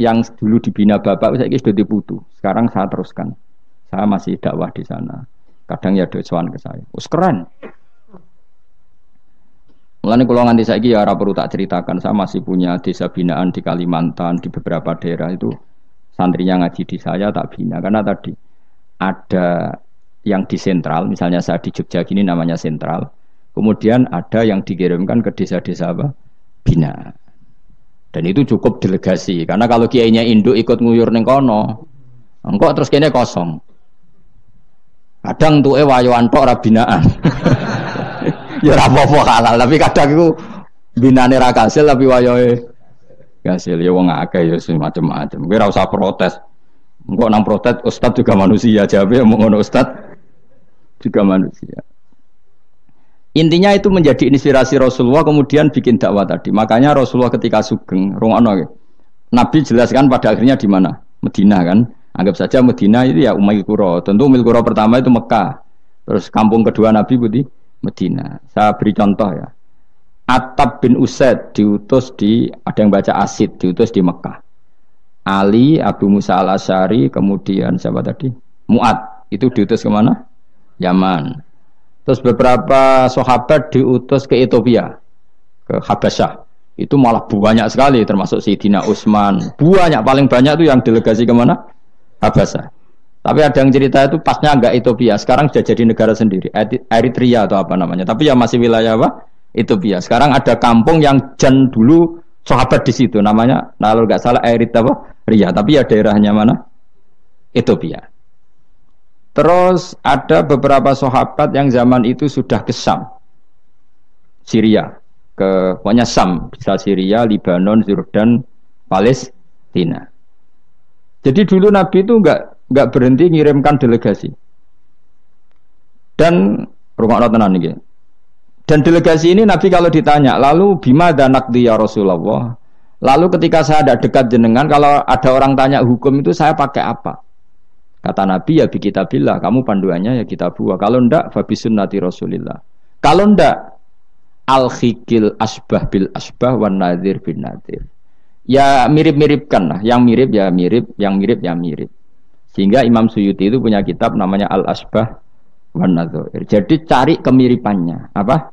yang dulu dibina bapak saya sudah diputu. Sekarang saya teruskan. Saya masih dakwah di sana. Kadang ya docuan ke saya. Us keren. Mulanya kalau nganti saiki ya ora perlu tak ceritakan, saya masih punya desa binaan di Kalimantan, di beberapa daerah itu santrinya ngaji di saya tak bina karena tadi ada yang di sentral, misalnya saya di Jogja gini namanya sentral. Kemudian ada yang dikirimkan ke desa-desa apa? bina Dan itu cukup delegasi karena kalau kiainya induk ikut nguyur neng kono, engkau terus kini kosong. Kadang tuh eh wayoan tok rabinaan. (laughs) ya rapopo halal tapi kadang itu binane ra kasil tapi wayoe kasil ya wong akeh ya semacam macam gue rasa usah protes. Engkau nang protes ustad juga manusia jabe mau ngono ustad juga manusia. Intinya itu menjadi inspirasi Rasulullah kemudian bikin dakwah tadi. Makanya Rasulullah ketika sugeng rungono Nabi jelaskan pada akhirnya di mana? Medina kan. Anggap saja Medina itu ya Umayyah Kuro. Tentu Umayyah Kuro pertama itu Mekah. Terus kampung kedua Nabi Budi Medina. Saya beri contoh ya. Atab bin Usaid diutus di ada yang baca Asid diutus di Mekah. Ali, Abu Musa al Asyari, kemudian siapa tadi? Muat itu diutus kemana? Yaman. Terus beberapa sahabat diutus ke Ethiopia, ke Habasyah. Itu malah banyak sekali termasuk Sayyidina Utsman. Banyak paling banyak itu yang delegasi kemana? Habasyah. Tapi ada yang cerita itu pasnya enggak Ethiopia. Sekarang sudah jadi negara sendiri, Eritrea atau apa namanya. Tapi ya masih wilayah apa? Ethiopia. Sekarang ada kampung yang jan dulu sahabat di situ namanya, nah, kalau nggak salah Eritrea apa? Ria. Tapi ya daerahnya mana? Ethiopia. Terus ada beberapa sahabat yang zaman itu sudah ke Sam, Syria, ke pokoknya Sam, bisa Syria, Lebanon, Jordan, Palestina. Jadi dulu Nabi itu nggak nggak berhenti ngirimkan delegasi. Dan rumah tenan ini. Dan delegasi ini Nabi kalau ditanya, lalu bima dan ya Rasulullah. Lalu ketika saya ada dekat jenengan, kalau ada orang tanya hukum itu saya pakai apa? Kata Nabi ya kitabillah, kamu panduannya ya kita buah. Kalau ndak fabi sunnati Rasulillah. Kalau ndak al khikil asbah bil asbah wan nadir bin nadir. Ya mirip-miripkan lah, yang mirip ya mirip, yang mirip ya mirip. Sehingga Imam Suyuti itu punya kitab namanya Al Asbah wan Nadir. Jadi cari kemiripannya. Apa?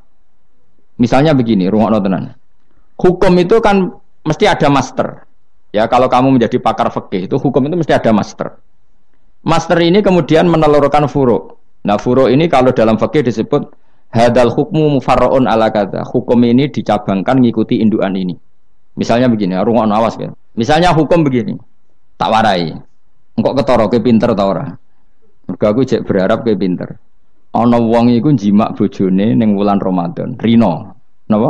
Misalnya begini, ruang notenan. Hukum itu kan mesti ada master. Ya kalau kamu menjadi pakar fikih itu hukum itu mesti ada master. Master ini kemudian menelurkan furo. Nah furo ini kalau dalam fakir disebut hadal hukmu mufarroon ala kata. Hukum ini dicabangkan ngikuti induan ini. Misalnya begini, rungon awas ya. Misalnya hukum begini, tak warai. Engkau ketoro ke pinter tau ora. Mereka aku cek berharap ke pinter. Ono wong iku jimak bojone neng wulan Ramadan, Rino. Napa?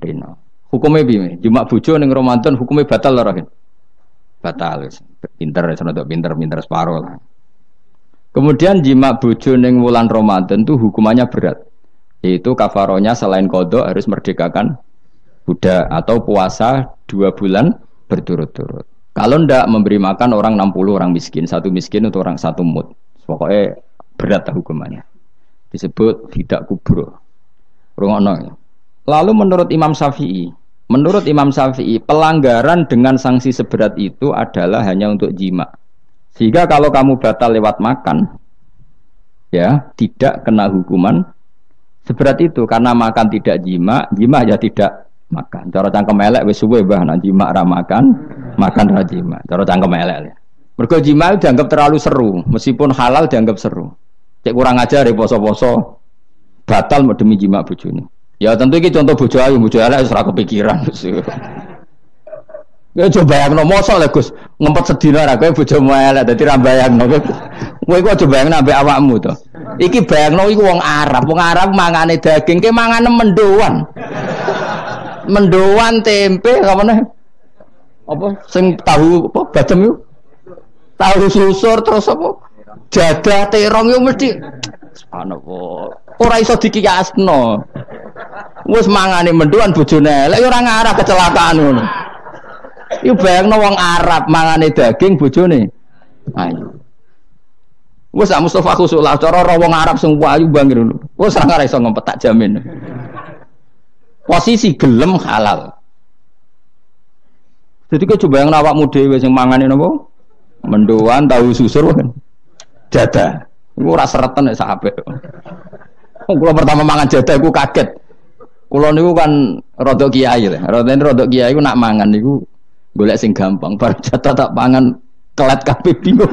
Rino. Hukumnya begini, Jimak bojo neng Ramadan hukumnya batal ora? batal pinter senodok pinter pinter separuh lah kemudian jima bojo ning wulan Ramadan tuh hukumannya berat yaitu kafaronya selain kodok harus merdekakan budak atau puasa dua bulan berturut-turut kalau ndak memberi makan orang 60 orang miskin satu miskin untuk orang satu mut pokoknya berat lah hukumannya disebut tidak kubro Rungokno. Lalu menurut Imam Syafi'i, Menurut Imam Syafi'i, pelanggaran dengan sanksi seberat itu adalah hanya untuk jima. Sehingga kalau kamu batal lewat makan, ya tidak kena hukuman seberat itu karena makan tidak jima, jima ya tidak makan. Cara cangkem elek wis suwe bah nah jima ra makan, makan ra jima. Cara cangkem elek. Mergo jima dianggap terlalu seru, meskipun halal dianggap seru. Cek kurang ajar ya poso-poso batal demi jima bojone. Ya tentu ini contoh bojo ayu, bojo elek wis ora kepikiran. (laughs) Ya coba yang mosok ya Gus, ngempet sedina ra kowe bojomu elek dadi yang nomor Kowe kok coba yang nabe awakmu tuh Iki bayangno iku wong Arab, wong Arab mangane daging, ke mangane mendoan. Mendoan tempe kamane apa sing tahu apa bacem yuk Tahu susur terus apa jadah terong yo mesti (tsk) subhanallah. Ora iso dikiyasno. Wes mangane menduan bojone elek ya ora ngarah kecelakaan ngono. Iku bayangno wong Arab mangane daging bojone. Ayo. Wes sak Mustofa khusuk lah cara wong Arab sing ayu bangir ngono. Wes ora ngarah iso ngempet tak jamin. Posisi gelem halal. Jadi kau coba yang awakmu dhewe sing mangane napa? Menduan tahu susur kan. jada, Iku ora sereten nek sak apik. pertama mangan jadah aku kaget kulon itu kan rodok kiai lah. ini rodok kiai itu nak mangan itu boleh sing gampang. (laughs) baru jatuh tak pangan kelat kapi bingung.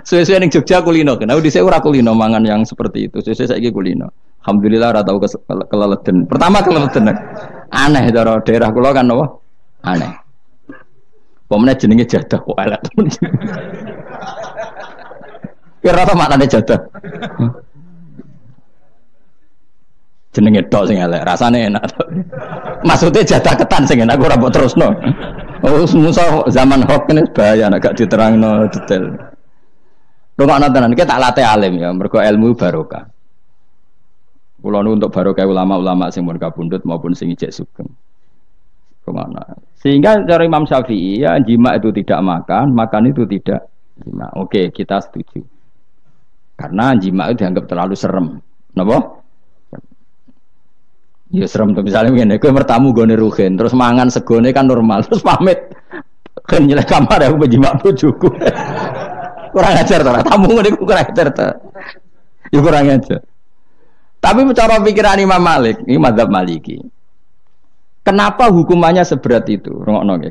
sesuai (laughs) yang Jogja kulino, kenapa di ora kulino mangan yang seperti itu. sesuai saya kulino. Alhamdulillah ora tahu keleleden. Pertama keleleden. Aneh cara daerah kula kan apa? Aneh. pemenang jenenge jatuh, kok pun, Kira-kira mana jatuh jenenge tok sing elek, rasane enak. Maksudnya jatah ketan sing enak ora mbok terusno. oh musa zaman hoax ini bahaya nek gak diterangno detail. Rumah tenan kita tak latih alim ya, Mereka ilmu barokah. Kulo untuk barokah ulama-ulama sing mereka bundut maupun sing ijek sugeng. Kemana? Sehingga cara Imam Syafi'i ya jima itu tidak makan, makan itu tidak jima. Oke, kita setuju. Karena jima itu dianggap terlalu serem. Napa? Ya serem tuh misalnya begini, kue bertamu gue rugen, terus mangan segone kan normal, terus pamit ke nyelek kamar ya, aku tuh bujuku. kurang ajar tuh, tamu gue kurang ajar tuh. Ya kurang ajar. Tapi cara pikiran Imam Malik, ini Madzhab Maliki. Kenapa hukumannya seberat itu?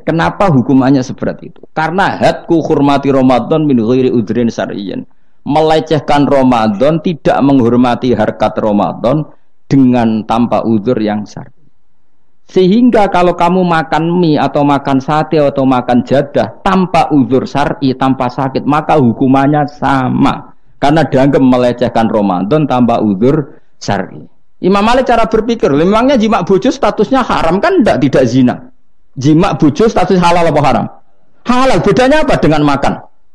Kenapa hukumannya seberat itu? Karena hatku hormati Ramadan min ghairi udrin syar'iyyin. Melecehkan Ramadan, tidak menghormati harkat Ramadan, dengan tanpa uzur yang syar'i. Sehingga kalau kamu makan mie atau makan sate atau makan jadah tanpa uzur sari tanpa sakit, maka hukumannya sama. Karena dianggap melecehkan Ramadan tanpa uzur sari. Imam Malik cara berpikir, memangnya jimat bojo statusnya haram kan tidak tidak zina. Jimat bojo status halal apa haram? Halal. Bedanya apa dengan makan?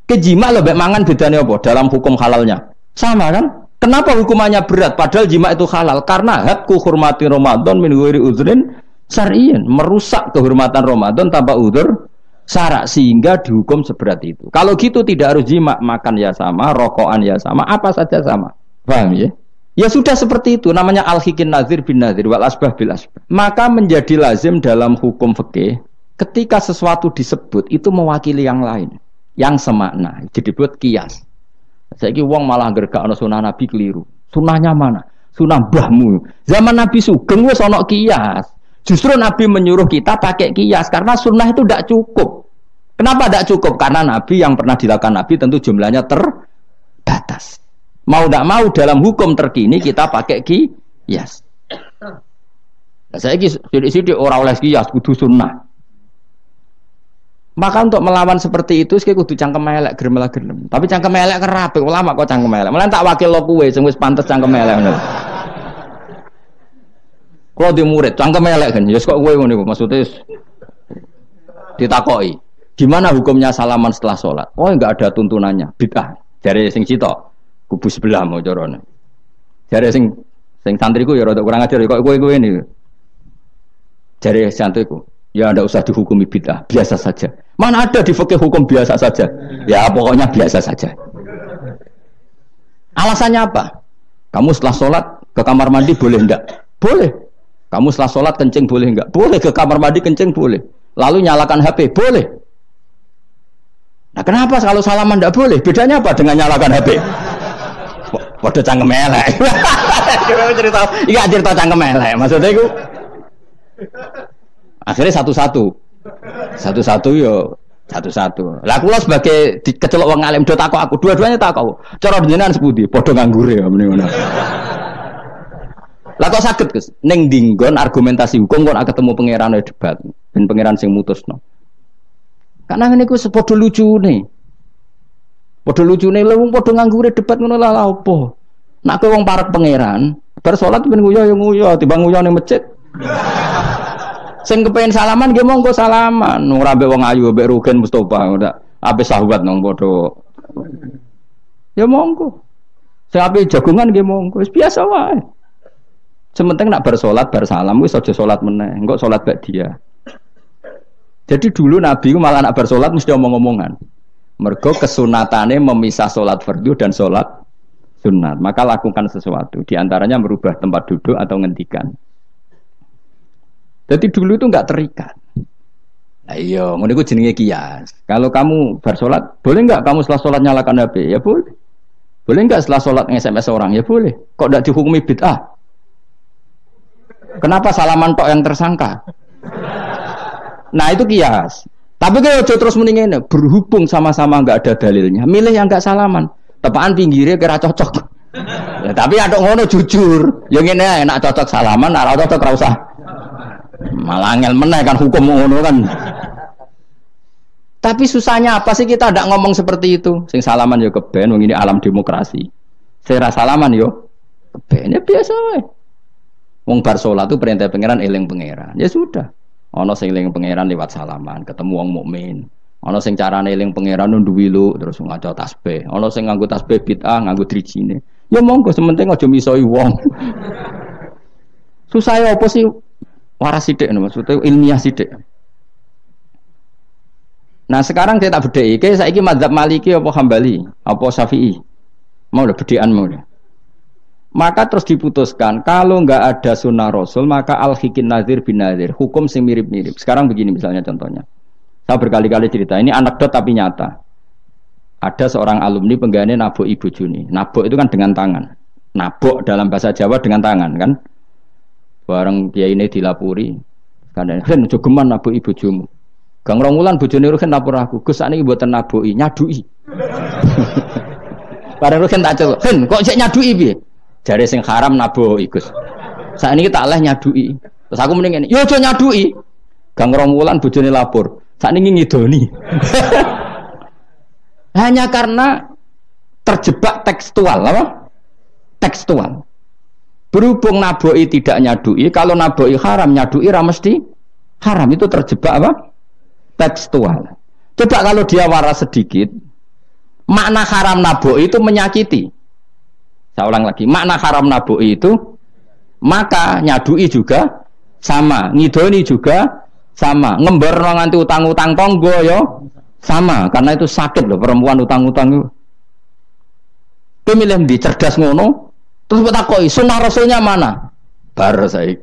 Ke lebih mangan bedanya apa dalam hukum halalnya? Sama kan? Kenapa hukumannya berat? Padahal jima itu halal. Karena hatku hormati Ramadan min ghairi udhrin syar'iyin. Merusak kehormatan Ramadan tanpa udhur syarak. Sehingga dihukum seberat itu. Kalau gitu tidak harus jima. Makan ya sama, rokokan ya sama, apa saja sama. Paham ya? Ya sudah seperti itu, namanya al-hikin nazir bin nazir wal asbah bil asbah. Maka menjadi lazim dalam hukum fikih ketika sesuatu disebut itu mewakili yang lain, yang semakna. Jadi buat kias. Saya kira uang malah gergak ana sunnah Nabi keliru. Sunnahnya mana? Sunnah bahmu. Zaman Nabi Sugeng wes ana kias. Justru Nabi menyuruh kita pakai kias karena sunnah itu tidak cukup. Kenapa tidak cukup? Karena Nabi yang pernah dilakukan Nabi tentu jumlahnya terbatas. Mau tidak mau dalam hukum terkini kita pakai kias. Nah, saya sidik-sidik orang oleh kias kudu sunnah. Maka untuk melawan seperti itu saya kudu cangkem elek gremel Tapi cangkem melek kerapik ulama kok cangkem melek. Malah tak wakil lo kue, sungguh pantas cangkem melek. Kalau di murid cangkem melek kan, ya kok kue ini maksudnya ditakoi. Gimana hukumnya salaman setelah sholat? Oh enggak ada tuntunannya, bid'ah. Dari sing cito, kubu sebelah mau jorone. Dari sing sing santriku ya rada kurang ajar ya kok kue kue ini. Dari santriku, ya anda usah dihukumi bid'ah, biasa saja. Mana ada di fikih hukum biasa saja? Ya pokoknya biasa saja. Alasannya apa? Kamu setelah sholat ke kamar mandi boleh enggak? Boleh. Kamu setelah sholat kencing boleh enggak? Boleh ke kamar mandi kencing boleh. Lalu nyalakan HP boleh. Nah kenapa kalau salaman enggak boleh? Bedanya apa dengan nyalakan HP? Waduh canggih melek. (laughs) cerita, iya cerita canggih melek. Maksudnya itu akhirnya satu-satu satu-satu yo satu-satu. Lah kula sebagai dikecelok wong alim do takok aku, dua-duanya takok. Cara njenengan sepundi? Padha nganggur ya mrene ngono. Lah kok sakit Gus? Ning dinggon argumentasi hukum kok ketemu pangeran e debat, ben pangeran sing mutusno. Karena ngene ku sepodo lucune. Padha lucune lha wong padha nganggure debat ngono lah po. Nak kowe wong parek pangeran, bar salat ben nguyu ya nguyu, timbang nguyu ning masjid. Sing kepengen salaman nggih monggo salaman. Ora mbek wong ayu mbek Rugen Mustofa ora. Ape sahabat nang padha. Ya monggo. Sing ape jagongan nggih monggo. Wis biasa wae. Sementing nak bersolat bersalam wis aja solat meneh. Engko solat bak dia. Jadi dulu Nabi malah nak bersolat mesti omong-omongan. Mergo kesunatannya memisah solat fardu dan solat sunat. Maka lakukan sesuatu. Di antaranya merubah tempat duduk atau ngendikan. Jadi dulu itu nggak terikat. Nah, iya, ikut jenenge kias. Kalau kamu bersolat, boleh nggak kamu setelah sholat nyalakan HP? Ya boleh. Boleh nggak setelah sholat nge-SMS orang? Ya boleh. Kok tidak dihukumi bid'ah? Kenapa salaman tok yang tersangka? Nah itu kias. Tapi kalau terus mendingin berhubung sama-sama nggak ada dalilnya, milih yang nggak salaman. Tepaan pinggirnya kira cocok. (laughs) Ya, tapi ada ngono jujur, yang ini enak cocok salaman, arah cocok rausah Malah angel meneh kan hukum ngono kan. Tapi susahnya apa sih kita tidak ngomong seperti itu? Sing salaman yo keben, ini alam demokrasi. Saya salaman yo keben ya biasa weh Wong bar salat tuh perintah pangeran eling pangeran. Ya sudah. Ono sing eling pangeran lewat salaman, ketemu wong mukmin. Ono sing carane eling pangeran nduwi lu terus ngaco tasbih. Ono sing nganggo tasbih bid'ah, nganggo drijine. Ya monggo sementing aja misoi wong. (laughs) Susah ya apa sih waras sidik maksudnya ilmiah sidik nah sekarang saya tak bedai kayak saya ini madzhab maliki apa hambali apa syafi'i mau udah bedaan mau udah maka terus diputuskan kalau nggak ada sunnah rasul maka al hikin nazir bin nazir hukum sing mirip mirip sekarang begini misalnya contohnya saya berkali-kali cerita ini anekdot tapi nyata ada seorang alumni penggawe nabok ibu Juni nabok itu kan dengan tangan nabok dalam bahasa Jawa dengan tangan kan Bareng dia ini dilapuri, karena kan jogeman nabu ibu jumu. Gang Rongulan bojone Ruhin lapor aku, Gus buatan nabu i nyadui. (laughs) Bareng Ruhin tak celuk, "Hin, kok cek nyadui bi Jare sing haram nabuki, saat ini kita leh nyadui. Terus aku mendingin ngene, "Yo ya aja nyadui." Gang Rongulan bojone lapor, ini ngidoni." (laughs) Hanya karena terjebak tekstual apa? Tekstual. Berhubung naboi tidak nyadui, kalau naboi haram nyadui ramesti haram itu terjebak apa? Tekstual. Coba kalau dia waras sedikit, makna haram naboi itu menyakiti. Saya ulang lagi, makna haram naboi itu maka nyadui juga sama, ngidoni juga sama, ngember nganti utang-utang tonggo yo ya, sama, karena itu sakit loh perempuan utang-utang itu. Pemilihan di cerdas ngono, Terus buat takoi, sunnah rasulnya mana? Bar saya.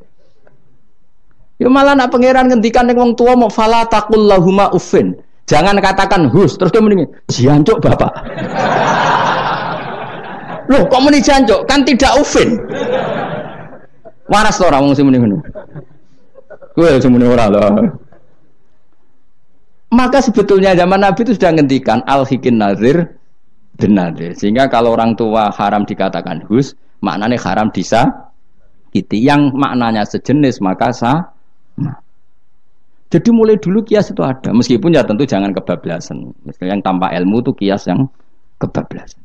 Ya malah nak pangeran ngendikan yang wong tua mau fala takul lahuma ufin. Jangan katakan hus. Terus dia mendingin jancok bapak. (laughs) Loh kok meni jancok? Kan tidak ufin. Waras orang wong sing mendingin. Gue sing orang lah. Maka sebetulnya zaman Nabi itu sudah ngendikan al hikin nazir benar Sehingga kalau orang tua haram dikatakan hus, maknanya haram bisa gitu yang maknanya sejenis maka sah jadi mulai dulu kias itu ada meskipun ya tentu jangan kebablasan misalnya yang tanpa ilmu itu kias yang kebablasan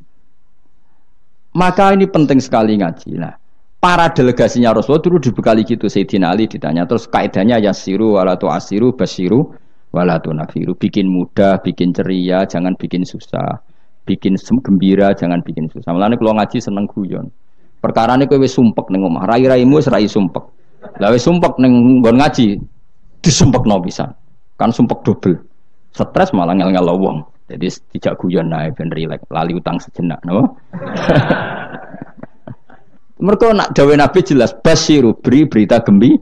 maka ini penting sekali ngaji lah para delegasinya Rasulullah dulu dibekali gitu Sayyidina Ali ditanya terus kaidahnya yasiru walatu asiru basiru walatu nafiru bikin mudah bikin ceria jangan bikin susah bikin gembira jangan bikin susah malah kalau ngaji seneng guyon Perkarane kowe sumpek neng omah, rai-raimu wis rai sumpek. lawe sumpek neng gon ngaji disumpek no bisa. Kan sumpek double. Stres malah ngel-ngel wong. Jadi tidak guyon naik dan rileks, lali utang sejenak, no? (laughs) Mereka nak dawe Nabi jelas basiru beri berita gembi.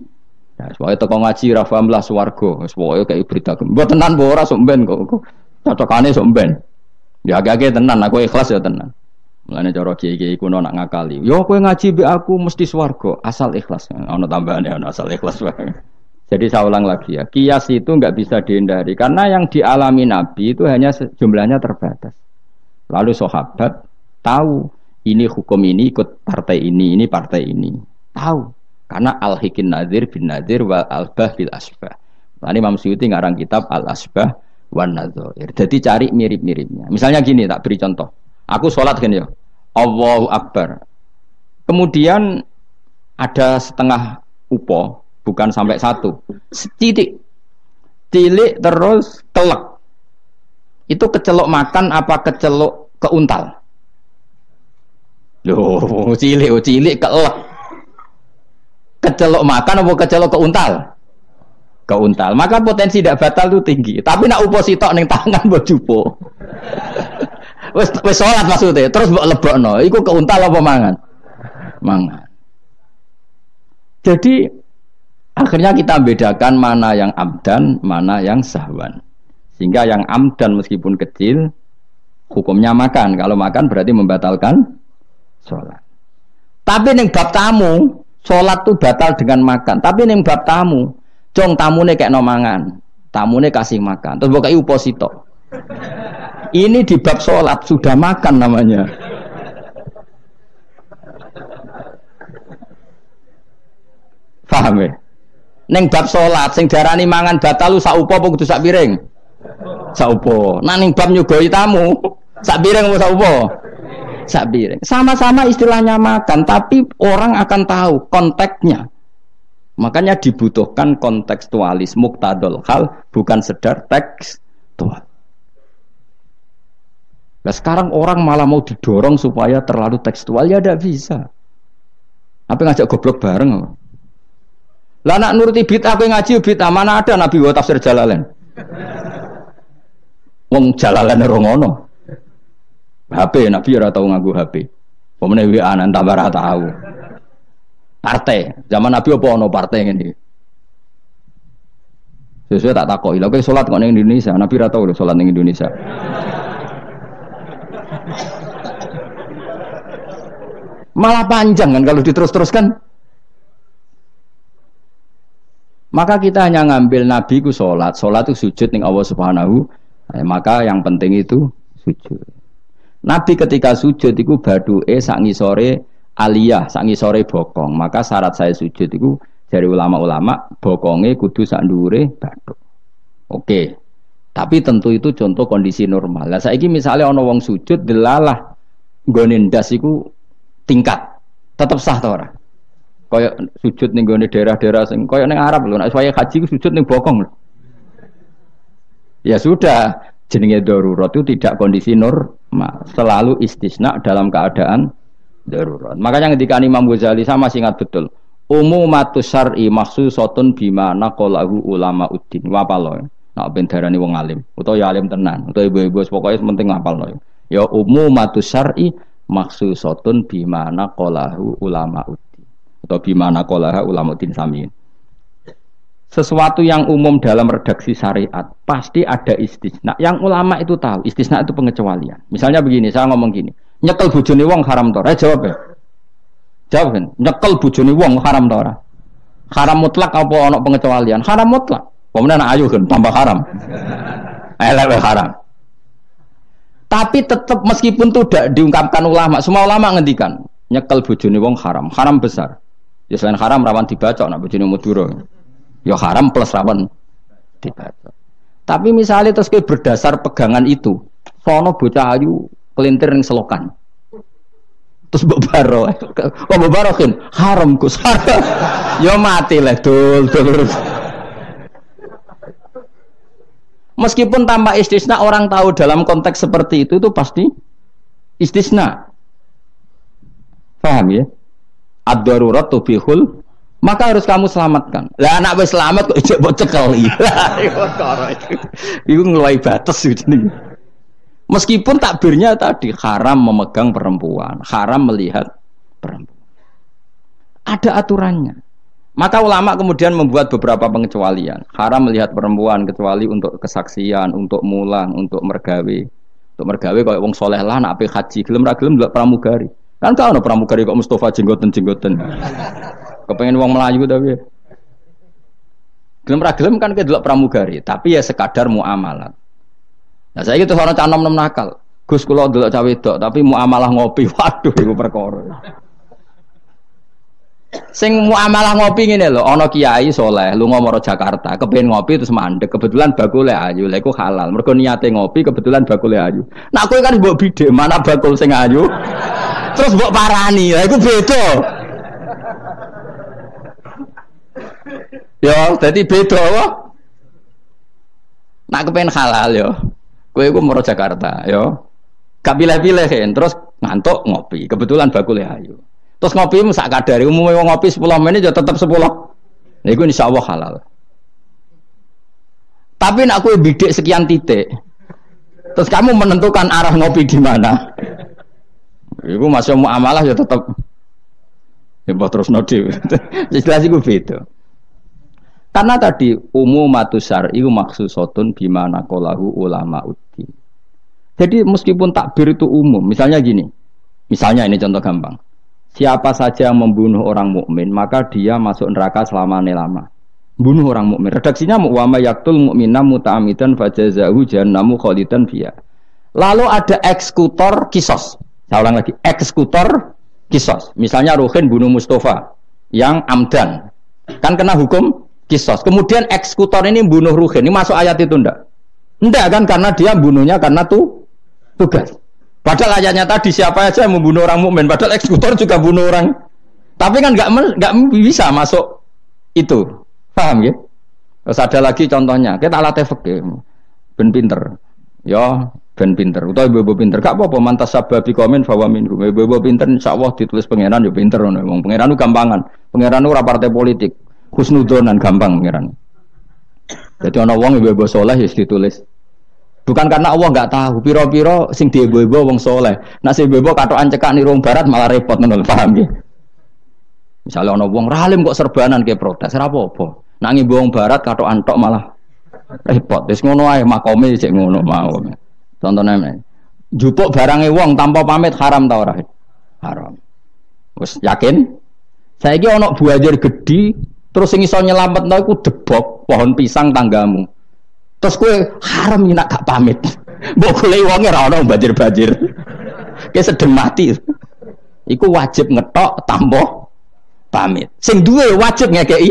Ya, soalnya toko ngaji rafam lah suwargo soalnya kayak berita gembi. Buat tenan bora ora somben kok, cocokannya somben. Ya agak-agak tenan, aku ikhlas ya tenan. Mulane cara kiai-kiai kuno nak ngakali. Yo ya, kowe ngaji be aku mesti swarga asal ikhlas. Ono tambahane ono asal ikhlas. (laughs) Jadi saya ulang lagi ya, kias itu nggak bisa dihindari karena yang dialami Nabi itu hanya jumlahnya terbatas. Lalu sahabat tahu ini hukum ini ikut partai ini, ini partai ini. Tahu karena al hikin nadir bin nadir wal albah bil asbah. Lalu Imam Syuuti ngarang kitab al asbah wan nadir. Jadi cari mirip-miripnya. Misalnya gini tak beri contoh. Aku sholat gini ya. Allahu Akbar. Kemudian ada setengah upo, bukan sampai satu. Setitik. Cilik terus telek. Itu kecelok makan apa kecelok keuntal? Loh, cilik, oh, cilik kelek. Kecelok makan apa kecelok keuntal? Keuntal. Maka potensi tidak batal itu tinggi. Tapi nak upo sitok neng tangan (laughs) jupo Wes wes sholat maksudnya. Terus no ikut ke untal apa mangan? Mangan. Jadi akhirnya kita bedakan mana yang amdan, mana yang sahwan. Sehingga yang amdan meskipun kecil hukumnya makan. Kalau makan berarti membatalkan sholat. Tapi neng bab tamu, sholat tuh batal dengan makan. Tapi neng bab tamu, cong nih kayak nomangan, tamu nih kasih makan. Terus bukai uposito. Ini di bab sholat sudah makan namanya. Paham ya? Neng bab sholat, sing darani mangan batal lu saupo pun kudu sak piring? Saupo. Nah neng bab nyugoi tamu, sak piring mau saupo? Sak piring. Sama-sama istilahnya makan, tapi orang akan tahu konteksnya. Makanya dibutuhkan kontekstualis muktadol hal bukan sedar tekstual. Nah sekarang orang malah mau didorong supaya terlalu tekstual ya tidak bisa. Apa ngajak goblok bareng? Lah nak nuruti bid'ah aku ngaji bid'ah mana ada Nabi wa tafsir Jalalain. Wong Jalalain ora ngono. HP Nabi ora tau nganggo HP. Pemene WA nang tambah ora tau. Partai, zaman Nabi apa ono partai ngene Sesuk tak takoi. Lah kowe salat kok ning Indonesia, Nabi ora tau lho salat ning Indonesia. Malah panjang kan kalau diterus-teruskan. Maka kita hanya ngambil Nabi ku sholat, sholat itu sujud nih Allah Subhanahu. Eh, maka yang penting itu sujud. Nabi ketika sujud itu badu e sangi sore aliyah, sangi sore bokong. Maka syarat saya sujud itu dari ulama-ulama bokonge kudu sandure badu. Oke. Okay. Tapi tentu itu contoh kondisi normal. Lah saiki misalnya ana wong sujud delalah nggone ndas tingkat. Tetap sah ta ora? Kaya sujud nih nggone daerah-daerah sing kaya ning Arab loh. nek saya haji sujud nih bokong loh. Ya sudah, jenenge darurat itu tidak kondisi normal, selalu istisna dalam keadaan darurat. Makanya ketika Imam Ghazali sama singkat betul. Umumatus syar'i sotun bima naqalahu ulama udin. Wapalo. Ya? nak ben darani wong alim utawa ya alim tenan utawa ibu-ibu pokoke penting ngapalno ya, ya matu syar'i maksusatun bimana kolahu ulama uti atau bimana kolahu ulama utin samin. sesuatu yang umum dalam redaksi syariat pasti ada istisna yang ulama itu tahu istisna itu pengecualian misalnya begini saya ngomong gini nyekel bujoni wong haram tora eh, jawab ya jawab kan nyekel bujoni wong haram tora haram mutlak apa onok pengecualian haram mutlak kemudian ayu kan tambah haram. elewe eh, haram. Tapi tetap meskipun tidak diungkapkan ulama, semua ulama ngendikan nyekel bojone wong haram, haram besar. Ya selain haram rawan dibaca nak bojone muduro Ya haram plus rawan dibaca. Tapi misalnya terus kayak berdasar pegangan itu, sono bocah ayu kelintir yang selokan. Terus bebaro, kok bebarokin haram kus haram. (laughs) Ya mati lah dul dul. dul. Meskipun tanpa istisna orang tahu dalam konteks seperti itu itu pasti istisna. Paham ya? Ad-darurat tubihul maka harus kamu selamatkan. Lah anak wis selamat kok ijek mbok cekel (laughs) iki. Iya, Iku ngeluai batas jenenge. Meskipun takbirnya tadi haram memegang perempuan, haram melihat perempuan. Ada aturannya. Maka ulama kemudian membuat beberapa pengecualian. Haram melihat perempuan kecuali untuk kesaksian, untuk mulang, untuk mergawe. Untuk mergawe kalau wong soleh lah nak haji, gelem ra gelem pramugari. Kan kau ono pramugari kok Mustafa jenggoten-jenggoten. Kepengen wong Melayu tapi. Gelem ra gelem kan kayak delok pramugari, tapi ya sekadar muamalat. Nah, saya itu orang canom nom nakal. Gus kula delok cawe tapi muamalah ngopi. (laughs) Waduh iku perkara. Sing muamalah ngopi ngene lho, ana kiai soleh, lu ngomoro Jakarta, kepen ngopi terus mandek, kebetulan bakule ayu, lha iku halal. Mergo niate ngopi kebetulan bakule ayu. Nak kowe kan mbok bidhe, mana bakul sing ayu? Terus mbok parani, lha ya iku beda. Ya, jadi beda wae. Nak kepen halal yo, ya, Kowe iku moro Jakarta ya. Gak pilih terus ngantuk ngopi. Kebetulan bakule ayu. Terus ngopi sak kadar, umumnya ngopi sepuluh menit ya tetap 10. Niku insyaallah halal. Tapi nak kue bidik sekian titik. Terus kamu menentukan arah ngopi di mana. Iku masih mau amalah ya tetap Ibu ya terus nodi. (laughs) Jelas gue beda. Karena tadi umum matusar maksud maksusotun bimana kolahu ulama uti. Jadi meskipun takbir itu umum, misalnya gini, misalnya ini contoh gampang. Siapa saja yang membunuh orang mukmin, maka dia masuk neraka selama lama bunuh orang mukmin. Redaksinya muwama yaktul mukmina muta'amidan fajazahu jahannamu khalidan fiha. Lalu ada eksekutor kisos. Saya ulang lagi, eksekutor kisos. Misalnya Ruhin bunuh Mustafa yang amdan. Kan kena hukum kisos. Kemudian eksekutor ini bunuh Ruhin. Ini masuk ayat itu ndak? Ndak kan karena dia bunuhnya karena tuh tugas. Padahal ayatnya tadi siapa aja yang membunuh orang mukmin, padahal eksekutor juga bunuh orang. Tapi kan nggak nggak bisa masuk itu, paham ya? Terus ada lagi contohnya, kita alat efek ya. ben pinter, yo ya, ben pinter, atau ibu-ibu pinter, gak apa-apa mantas sababi komen bahwa minum, ibu-ibu pinter, insya Allah ditulis pangeran yo ya pinter, ngomong pangeran itu gampangan, pangeran itu partai politik, khusnudonan gampang pangeran. Jadi orang uang ibu-ibu soleh ya ditulis Bukan karena Allah nggak tahu, piro-piro sing diebo-ebo wong soleh. Nah si bebo katokan cekak nih ruang barat malah repot menurut paham ya. Misalnya ono wong ralim kok serbanan kayak protes, apa? Nangi buang barat kato antok malah repot. Terus ngono ae makome cek ngono mau. Contohnya nih. jupuk barangnya wong tanpa pamit haram tau rahit, Haram. Terus yakin? Saya Saiki ono buajar gede, terus soalnya lambat nol, aku debok pohon pisang tanggamu. Terus kue haram ini gak pamit. (laughs) Mbok kule wonge ra ono banjir-banjir. (laughs) Kayak sedem mati. Iku wajib ngetok tambah pamit. Sing duwe wajib ngekei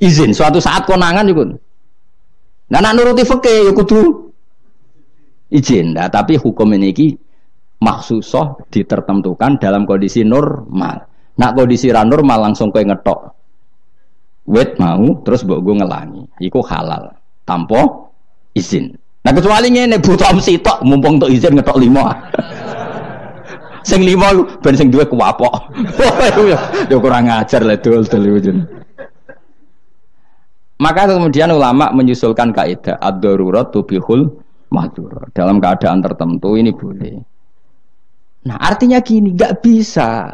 izin suatu saat konangan iku. Nah nak nuruti fikih ya kudu izin. Nah, tapi hukum ini iki maksusoh ditertentukan dalam kondisi normal. Nak kondisi ra normal langsung kue ngetok. Wet mau terus mbok gue ngelangi. Iku halal. Tampo izin. Nah kecuali nih, butuh om tok mumpung untuk izin ngetok lima. (laughs) sing lima lu, ben sing dua kuwapok. (laughs) Yo ya, ya kurang ajar lah dul dul Maka kemudian ulama menyusulkan kaidah ad-darurat tubihul madur Dalam keadaan tertentu ini boleh. Nah artinya gini, gak bisa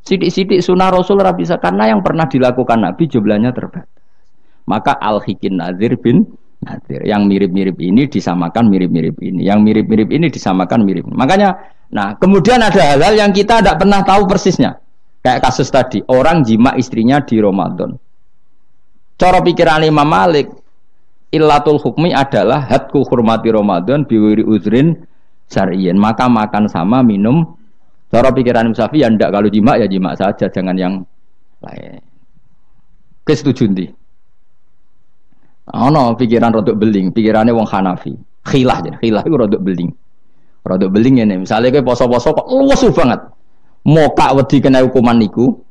sidik-sidik sunnah Rasul bisa karena yang pernah dilakukan Nabi jumlahnya terbatas. Maka al-hikin nazir bin hadir. Yang mirip-mirip ini disamakan mirip-mirip ini. Yang mirip-mirip ini disamakan mirip. Makanya, nah kemudian ada hal-hal yang kita tidak pernah tahu persisnya. Kayak kasus tadi, orang jima istrinya di Ramadan. Cara pikiran Imam Malik, ilatul hukmi adalah hatku hormati Ramadan biwiri uzrin syariyin. Maka makan sama, minum. Cara pikiran Imam Syafi'i ya ndak kalau jima ya jima saja, jangan yang lain. Kesetujun Oh no, pikiran rodok beling, pikirannya wong Hanafi. Khilah jadi khilah itu rodok beling. Rodok beling ini misalnya kayak poso-poso kok luwes banget. kak wedi kena hukuman niku.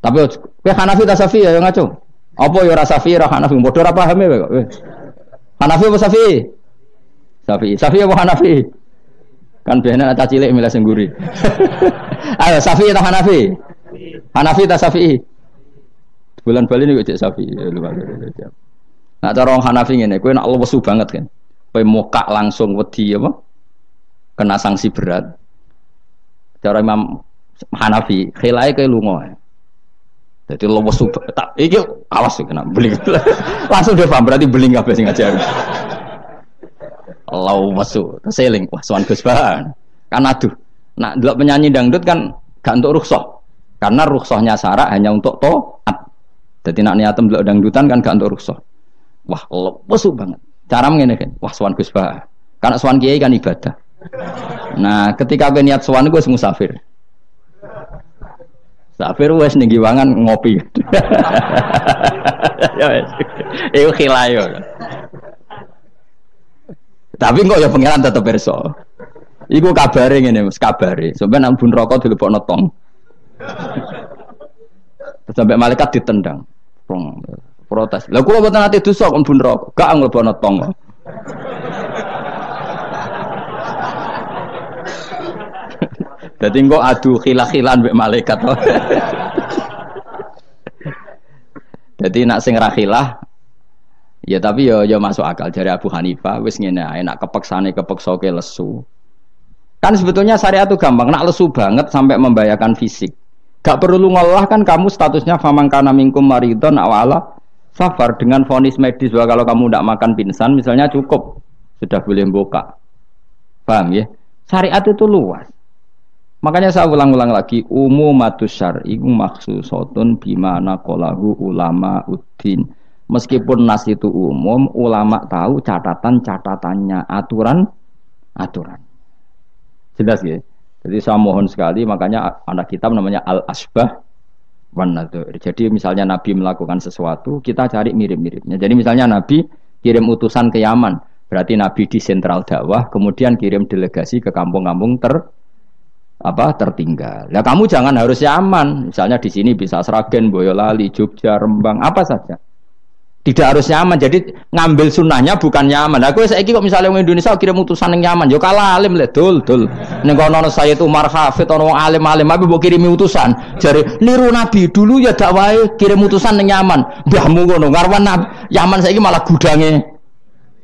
Tapi kayak Hanafi tasafi ya ngaco. Apa ya rasa Safi ora Hanafi bodoh ora paham ya kok. Hanafi apa Safi? Safi. Safi apa Hanafi? Kan biasanya anak cilik milih sengguri. (laughs) Ayo Safi atau Hanafi? Hanafi atau Safi? Bulan Bali ini gue cek Safi. Ya, lupa, Nah cara orang Hanafi ini, kowe nak lesu banget kan. mau kak langsung wedi apa? Kena sanksi berat. Cara Imam Hanafi, khilae lu lunga. Jadi lesu tak iki awas kena beli (laughs) langsung dia paham berarti beling nggak sing ngajar. Lesu, seling wah suan Gus Kan aduh. Nak dua penyanyi dangdut kan gak untuk rukshoh, Karena rukshohnya syarat hanya untuk toat. Jadi nak niatem delok dangdutan kan gak untuk rukshoh. Wah, lesu banget. Cara mengenai kan. Wah, swan Gus Pak. Karena swan kiai kan ibadah. Nah, ketika gue niat sowan gue semu Safir Safir, wes nih giwangan ngopi. (laughs) ya wes. itu khilayo. Tapi kok ya pengiran tetap perso Iku kabare ngene Mas, kabare. Sampai nang bun rokok dilebokno tong. Sampai malaikat ditendang protes. Lah kula mboten ate dosa kon bun rokok, Gak nglebono tong. (laughs) Dadi engko adu khilah-khilan mbek malaikat. Jadi (laughs) nak sing rahilah, ya tapi yo ya, yo ya masuk akal dari Abu Hanifah wis ngene ae nak kepeksane kepeksa ke lesu. Kan sebetulnya syariat itu gampang, nak lesu banget sampai membahayakan fisik. Gak perlu ngolah kan kamu statusnya famangkana minkum maridon awala Safar dengan vonis medis bahwa kalau kamu tidak makan pingsan misalnya cukup sudah boleh buka. Paham ya? Syariat itu luas. Makanya saya ulang-ulang lagi umum umumatus syar'i maksud sotun bimana kolahu ulama udin Meskipun nas itu umum, ulama tahu catatan-catatannya, aturan aturan. Jelas ya? Jadi saya mohon sekali makanya anak kitab namanya Al-Asbah wanadur. Jadi misalnya Nabi melakukan sesuatu, kita cari mirip-miripnya. Jadi misalnya Nabi kirim utusan ke Yaman, berarti Nabi di sentral dakwah, kemudian kirim delegasi ke kampung-kampung ter apa tertinggal. Nah kamu jangan harus Yaman, misalnya di sini bisa Sragen, Boyolali, Jogja, Rembang, apa saja tidak harus nyaman. Jadi ngambil sunnahnya bukan nyaman. Aku nah, saya kok misalnya orang Indonesia kirim utusan yang nyaman, yo kalah alim lah dul dul. Neng nono saya itu Umar Hafid orang alim alim tapi mau kirim utusan. Jadi niru Nabi dulu ya dakwah kirim utusan yang nyaman. Mbahmu nong karwan Nabi nyaman saya malah gudangnya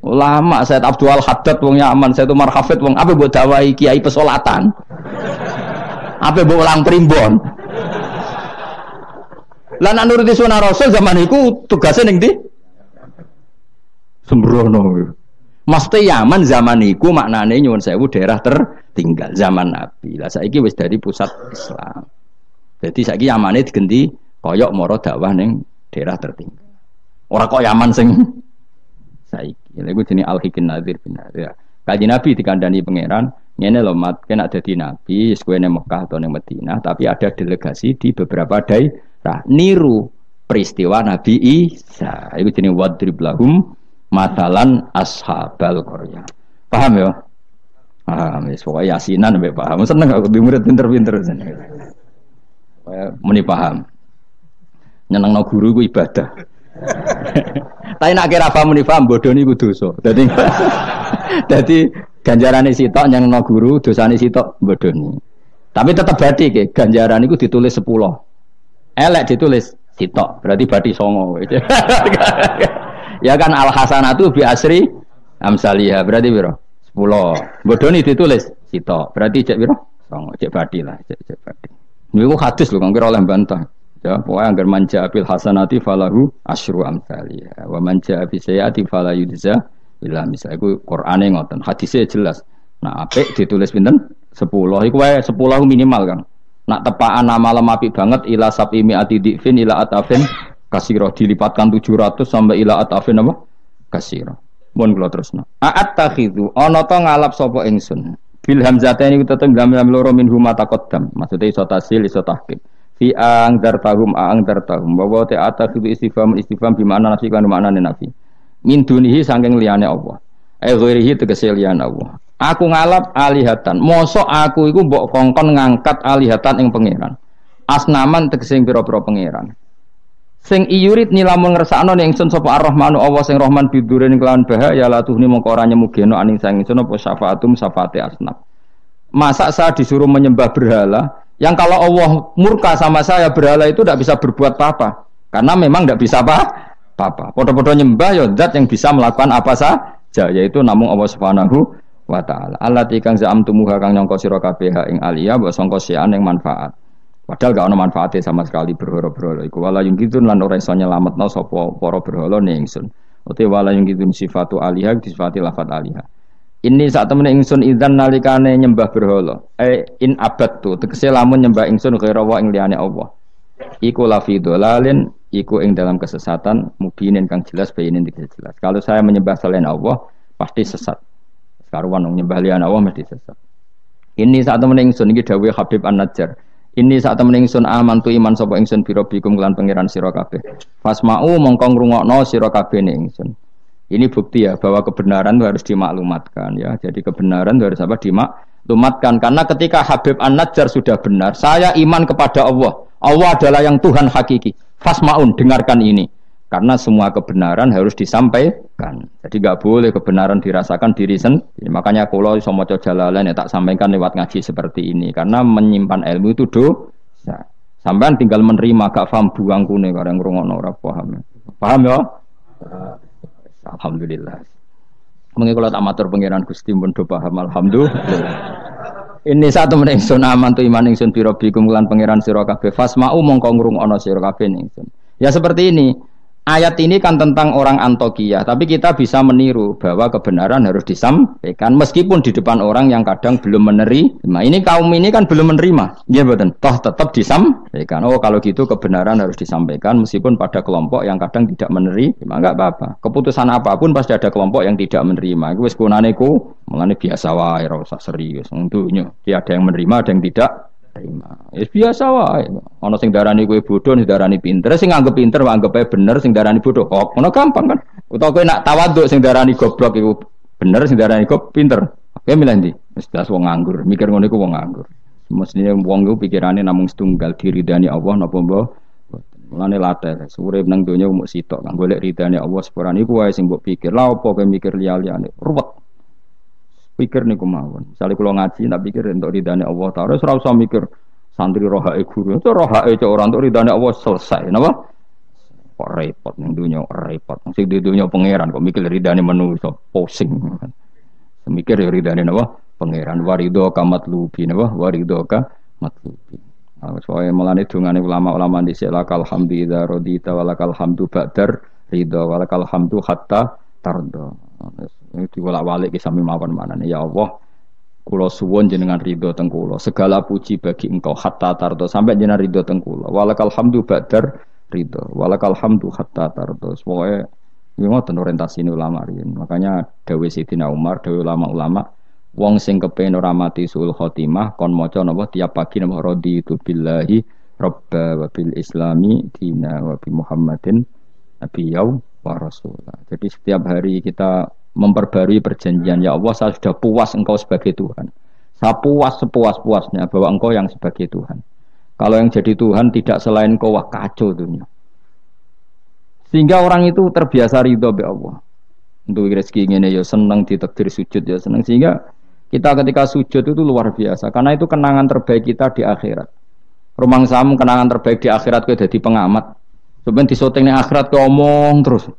ulama saya Abdul Haddad wong nyaman, saya itu Umar Hafid wong apa buat dakwah kiai pesolatan. Apa buat ulang primbon. Lan anuruti sunnah Rasul zaman itu tugasnya neng di sembrono. Maksudnya Yaman zaman iku maknane nyuwun sewu daerah tertinggal zaman Nabi. Lah saiki wis dari pusat Islam. Jadi saiki Yamane digenti koyok moro dakwah ning daerah tertinggal. Ora kok Yaman sing saiki. Lha iku Al-Hikin Nadir bin Nadir. Kaji Nabi dikandani pangeran, ngene lho mat kena dadi nabi, kowe ning Mekah atau ning Madinah, tapi ada delegasi di beberapa daerah niru peristiwa Nabi Isa. Iku jenenge wadrib lahum matalan ashabal korea paham ya paham ya pokoknya yasinan sampai paham seneng aku di murid pinter-pinter muni paham nyeneng no guru ku ibadah (laughs) tapi nak kira paham muni paham bodoh ini ku dosa jadi jadi (laughs) ganjaran ini sitok nyeneng no guru dosa ini sitok bodoh ini tapi tetap berarti, ke ya. ganjaran itu ditulis sepuluh elek ditulis sitok berarti berarti songo (laughs) Ya kan al hasanatu bi asri amsalia. Berarti biro sepuluh. Bodoni ditulis sito. Berarti cek biro song cek badi lah, cek cek badi. gua hadis lu, kang kira oleh bantah. Ya, pokoknya agar manja abil hasanati falahu asru amsalia. Wa manja abil sayati fala yudza misalnya misal Quran yang ngotot Hadisnya jelas. Nah, apik ditulis pinter sepuluh. Iku wae sepuluh minimal, kan. Nak tepaan nama malam apik banget ila sabimi atidifin ila atafin kasiro dilipatkan 700 sampai ila atafin apa kasiro mohon kula terus no aat takhidu ono to ngalap sopo ingsun bil hamzata ini kita tenggelam dalam loro min huma takodam maksudnya iso tasil iso tahkim fi ang dartahum ang dartahum bahwa te atakhidu istifam istifam bimana nafi kan makna nabi min dunihi sangking liyane Allah eh ghairihi kesel liyane Allah aku ngalap alihatan mosok aku iku mbok kongkon ngangkat alihatan ing pangeran asnaman tegese pira-pira pangeran sing iyurit nila ngersakno ning ingsun sapa Ar-Rahmanu Allah sing Rahman bidurin kelawan bahaya la tuhni mongko ora nyemugeno aning sang ingsun apa syafaatum syafaate asnaf. Masa saya disuruh menyembah berhala yang kalau Allah murka sama saya berhala itu tidak bisa berbuat apa-apa karena memang tidak bisa apa apa. Podo-podo nyembah ya zat yang bisa melakukan apa saja yaitu namung Allah Subhanahu wa taala. Allah tikang zaam tumuha kang nyongko sira kabeh ing aliyah mbok sangka sian yang manfaat. Padahal gak ada manfaatnya sama sekali berhala-berhala iku. yang gitu kitun lan soalnya iso no sopo poro berhala ning ingsun. Oke walau yang gitu sifatu alihah disifati lafat alihah. Ini saat temen ingsun idan nalikane nyembah berhala. Eh in abad tu tegese lamun nyembah ingsun kira wa ingliane Allah. Iku lafi dolalin iku ing dalam kesesatan mubinin kang jelas bayinin tidak jelas. Kalau saya menyembah selain Allah pasti sesat. Sekarang wanung nyembah liane Allah mesti sesat. Ini saat temen ingsun iki dawuhe Habib An-Najjar. Ini saat temen ingsun aman tu iman sopo ingsun biro bikum kelan pangeran Pas mau mongkong rungok no siro kafe ning ingsun. Ini bukti ya bahwa kebenaran itu harus dimaklumatkan ya. Jadi kebenaran itu harus apa dimaklumatkan karena ketika Habib An-Najjar sudah benar, saya iman kepada Allah. Allah adalah yang Tuhan hakiki. Fasma'un dengarkan ini. Karena semua kebenaran harus disampaikan. Jadi nggak boleh kebenaran dirasakan diri sendiri. Makanya kalau sama jalalan ya tak sampaikan lewat ngaji seperti ini. Karena menyimpan ilmu itu dosa. Sampai tinggal menerima gak paham buang kune karena ngrungokno orang paham. Ya. Paham ya? Alhamdulillah. Mungkin kalau tak pengiran Gusti pun do paham alhamdulillah. Ini satu meningsun aman tu iman ingsun biro bikum lan pengiran sira kabeh fasmau kongrung ono sira ningsun. Ya seperti ini. Ayat ini kan tentang orang antokia, tapi kita bisa meniru bahwa kebenaran harus disampaikan meskipun di depan orang yang kadang belum menerima. Ini kaum ini kan belum menerima, ya betul. Toh tetap disampaikan. Oh kalau gitu kebenaran harus disampaikan meskipun pada kelompok yang kadang tidak menerima, nggak apa-apa. Keputusan apapun pasti ada kelompok yang tidak menerima. Gue sekunaneku, melani biasa wae, serius, untuknya. Dia ada yang menerima, ada yang tidak Ya biasa wae. Ana sing darani kowe bodoh, sing darani pinter, sing anggap pinter anggap ae bener, sing darani bodoh kok. Ngono gampang kan. Utawa kowe nak tawaduk sing darani goblok iku bener, sing darani kok pinter. Oke, milih ndi? Wis jelas wong nganggur, mikir ngono iku wong nganggur. Mestinya wong iku pikirane namung setunggal dani Allah napa mbok. Mulane latar, sore nang donya mung sitok, kang golek ridane Allah sepurane iku wae sing mbok pikir. Lah apa kowe mikir liya-liyane? Ruwet pikir niku mawon. Misalnya kalau ngaji tak pikir untuk ridane Allah taala ora usah mikir santri rohae guru itu rohae cek orang untuk ridane Allah selesai. Napa? Kok repot ning dunia repot. Sing di dunia pangeran kok mikir ridane manusia pusing. Mikir ya ridane napa? Pangeran warido kamat lubi napa? Warido ka matlubi. Soalnya melani dungane ulama-ulama di sela kalhamdulillah rodi radita walakal hamdu ba'dar walakal hamdu hatta tardo. Diwalak-walik ke sami mawon ya Allah. Kulo suwon jenengan ridho tengkulo Segala puji bagi engkau hatta tardo sampai jenengan ridho tengkulo kulo. Walakal hamdu badar ridho. Walakal hamdu hatta tardo. Pokoknya ini ngoten orientasi ini ulama Makanya Dewi siti Umar, Dewi ulama-ulama wong sing kepen ora mati suul khotimah kon maca napa tiap pagi napa rodi itu billahi robba wa bil islami dina wa bi muhammadin nabiyau wa rasulah. Jadi setiap hari kita memperbarui perjanjian ya Allah saya sudah puas engkau sebagai Tuhan. Saya puas sepuas-puasnya bahwa engkau yang sebagai Tuhan. Kalau yang jadi Tuhan tidak selain engkau wah kacau dunia. Sehingga orang itu terbiasa ridho be Allah. Untuk rezeki ini ya senang ditakdir sujud ya senang sehingga kita ketika sujud itu luar biasa karena itu kenangan terbaik kita di akhirat. Rumang samu kenangan terbaik di akhirat kita jadi pengamat. Sampeyan disoting ning akhirat ke omong terus.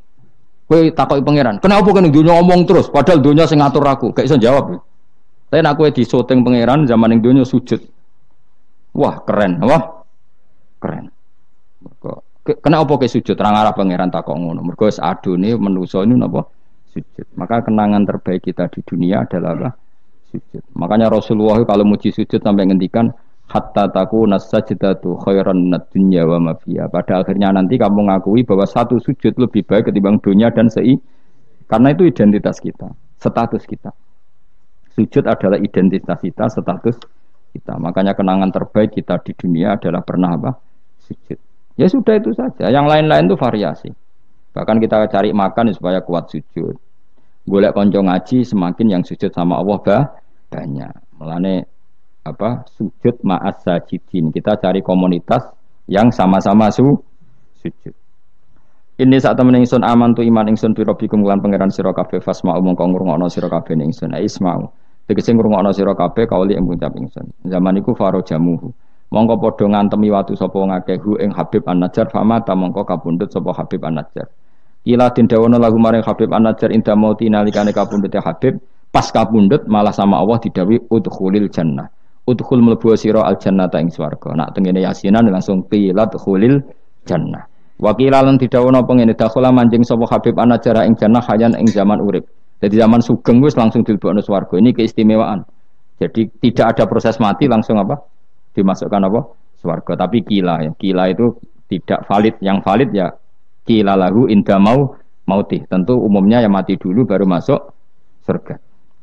Kowe takoki pangeran, kenapa kan dunia omong terus padahal dunia sing ngatur aku, Kayak iso jawab. saya Tapi nek di disoting pangeran zaman yang dunia sujud. Wah, keren, wah. Keren. kena opo kayak sujud terang arah pangeran takut ngono. Mereka adu nih menuso ini napa sujud. Maka kenangan terbaik kita di dunia adalah apa? sujud. Makanya Rasulullah kalau muji sujud sampai ngendikan hatta taku cita tuh khairan minad dunya wa ma fiha. Pada akhirnya nanti kamu mengakui bahwa satu sujud lebih baik ketimbang dunia dan sei karena itu identitas kita, status kita. Sujud adalah identitas kita, status kita. Makanya kenangan terbaik kita di dunia adalah pernah apa? Sujud. Ya sudah itu saja. Yang lain-lain itu variasi. Bahkan kita cari makan supaya kuat sujud. Golek konco ngaji semakin yang sujud sama Allah bah, banyak. Melane apa sujud ma'as sajidin. Kita cari komunitas yang sama-sama su sujud. Ini saat temen ingsun aman tu iman ingsun tu rabbikum lan pangeran sira kabeh fasma umum kang ngrungokno sira kabeh ingsun ai nah, ismau. Tegese ngrungokno sira kabeh kauli ing ngucap ingsun. Zaman iku faro jamuhu. Mongko padha ngantemi watu sapa ngakeh hu ing Habib An-Najjar famata mongko kabundut sapa Habib an ilah Kila lagu maring Habib An-Najjar inda mauti nalikane ya Habib pas kabundut malah sama Allah didawi udkhulil jannah Udhul melebu siro al jannah ta'ing suarga Nak tengene yasinan langsung qilat khulil jannah. Wakila tidak wana pengene ngene dakhula manjing sopoh Habib anak jara ing jannah hayan ing zaman urip. Jadi zaman sugeng wis langsung dilebokno swarga. Ini keistimewaan. Jadi tidak ada proses mati langsung apa? Dimasukkan apa? suarga Tapi kila ya. Kila itu tidak valid. Yang valid ya kila lahu inda mau mautih. Tentu umumnya yang mati dulu baru masuk surga.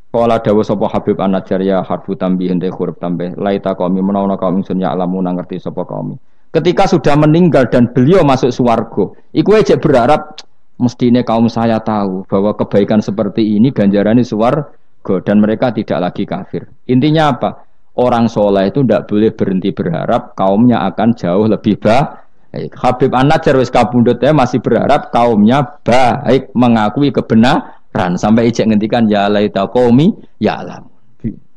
Kala dawa sapa Habib An-Najjar ya harfu tambih ente huruf tambih laita qaumi menawa kaum ingsun ya alamu ngerti sapa kaum. Ketika sudah meninggal dan beliau masuk swarga, iku ejek berharap mestine kaum saya tahu bahwa kebaikan seperti ini ganjarannya swarga dan mereka tidak lagi kafir. Intinya apa? Orang soleh itu tidak boleh berhenti berharap kaumnya akan jauh lebih baik. Habib An-Najjar wis kabundut ya, masih berharap kaumnya baik mengakui kebenaran ran sampai ijek ngentikan ya laita qaumi ya alam.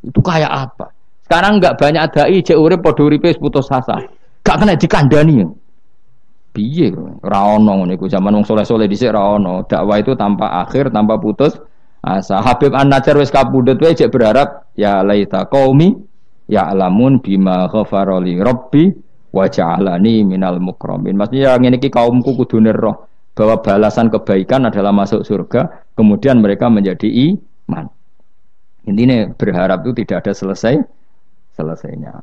Itu kayak apa? Sekarang enggak banyak ada ijek urip padha uripe putus asa. Enggak kena dikandani. Piye ora ono ngene iku zaman wong soleh-soleh dhisik ora ono. Dakwah itu tanpa akhir, tanpa putus asa. Habib An-Najjar wis kapundhut wae ijek berharap ya laita qaumi ya alamun bima ghafaroli robbi rabbi wa ja'alani minal mukramin. Maksudnya ya, ngene iki kaumku kudu roh bahwa balasan kebaikan adalah masuk surga, kemudian mereka menjadi iman. Intinya berharap itu tidak ada selesai selesainya.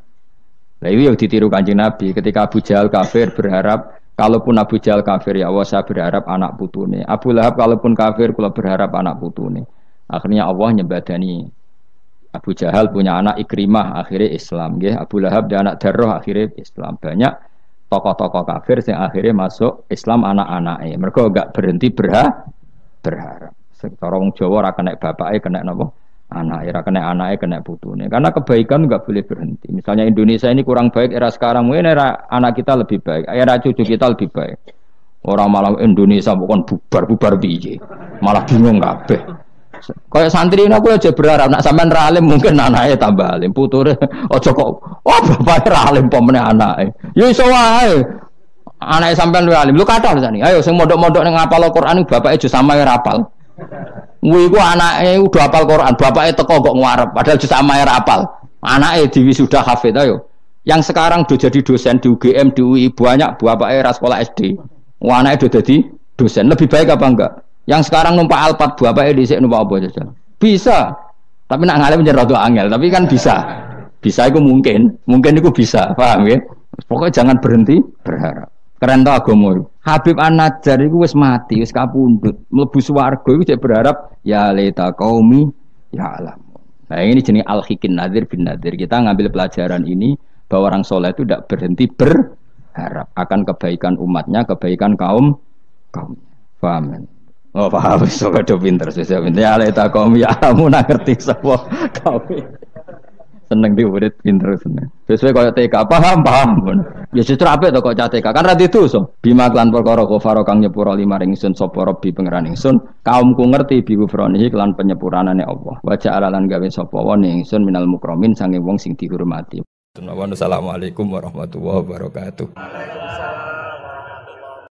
Nah, itu yang ditiru kanji Nabi ketika Abu Jahal kafir berharap kalaupun Abu Jahal kafir ya Allah saya berharap anak putune. Abu Lahab kalaupun kafir kalau berharap anak putune. Akhirnya Allah nyebadani Abu Jahal punya anak Ikrimah akhirnya Islam ya. Abu Lahab dan anak Darroh akhirnya Islam. Banyak tokoh-tokoh kafir yang akhirnya masuk Islam anak-anaknya. Mereka gak berhenti berha berharap. Secara orang Jawa ora kena bapaknya kena napa? Anak era kena anaknya kena putune. Karena kebaikan nggak boleh berhenti. Misalnya Indonesia ini kurang baik era sekarang mungkin era anak kita lebih baik, era cucu kita lebih baik. Orang malah Indonesia bukan bubar-bubar biji, malah bingung kabeh. Kaya santri ini aku aja berharap nak sampean ra alim mungkin anaknya tambah alim, puture (laughs) aja kok oh bapaknya ra alim pomene anaknya. Ya iso wae. Anaknya sampean lu alim, lu kathah sani. Ayo sing mondok-mondok ning ngapal Al-Qur'an bapaknya jus sama yang rapal. Kuwi ku anaknya udah apal Quran, bapaknya teko kok ngarep, padahal jus sama yang rapal. Anaknya diwi sudah hafid ayo. Yang sekarang udah jadi dosen di UGM, di UI banyak bapaknya ras sekolah SD. Wah anaknya udah jadi dosen. Lebih baik apa enggak? Yang sekarang numpak Alphard bapaknya dhisik numpak apa aja, Bisa. Tapi nak ngalamin jadi ratu angel, tapi kan bisa. Bisa itu mungkin, mungkin itu bisa, paham ya? Pokoknya jangan berhenti berharap. Keren tau mau Habib An-Najjar itu wes mati, wis kapundhut, Melebus swarga iku berharap ya leta kaumi ya alam. Nah ini jenis al-hikin nadir bin nadir. Kita ngambil pelajaran ini bahwa orang soleh itu tidak berhenti berharap akan kebaikan umatnya, kebaikan kaum kaum. Amen. Oh paham, so kado pinter, so pinter. Ya leta kom ya kamu nak ngerti semua kau Seneng diurit pinter seneng. Sesuai kau TK paham paham pun. Ya justru apa itu kau TK kan radit itu so. Bima klan perkara faro kang nyepuro lima ringsun sopo bi pengeran ringsun. Kaumku ngerti biku fronihi klan penyepuranane Allah. Wajah alalan gawe sopo Ring ringsun minal mukromin sange wong sing dihormati. Assalamualaikum warahmatullahi wabarakatuh.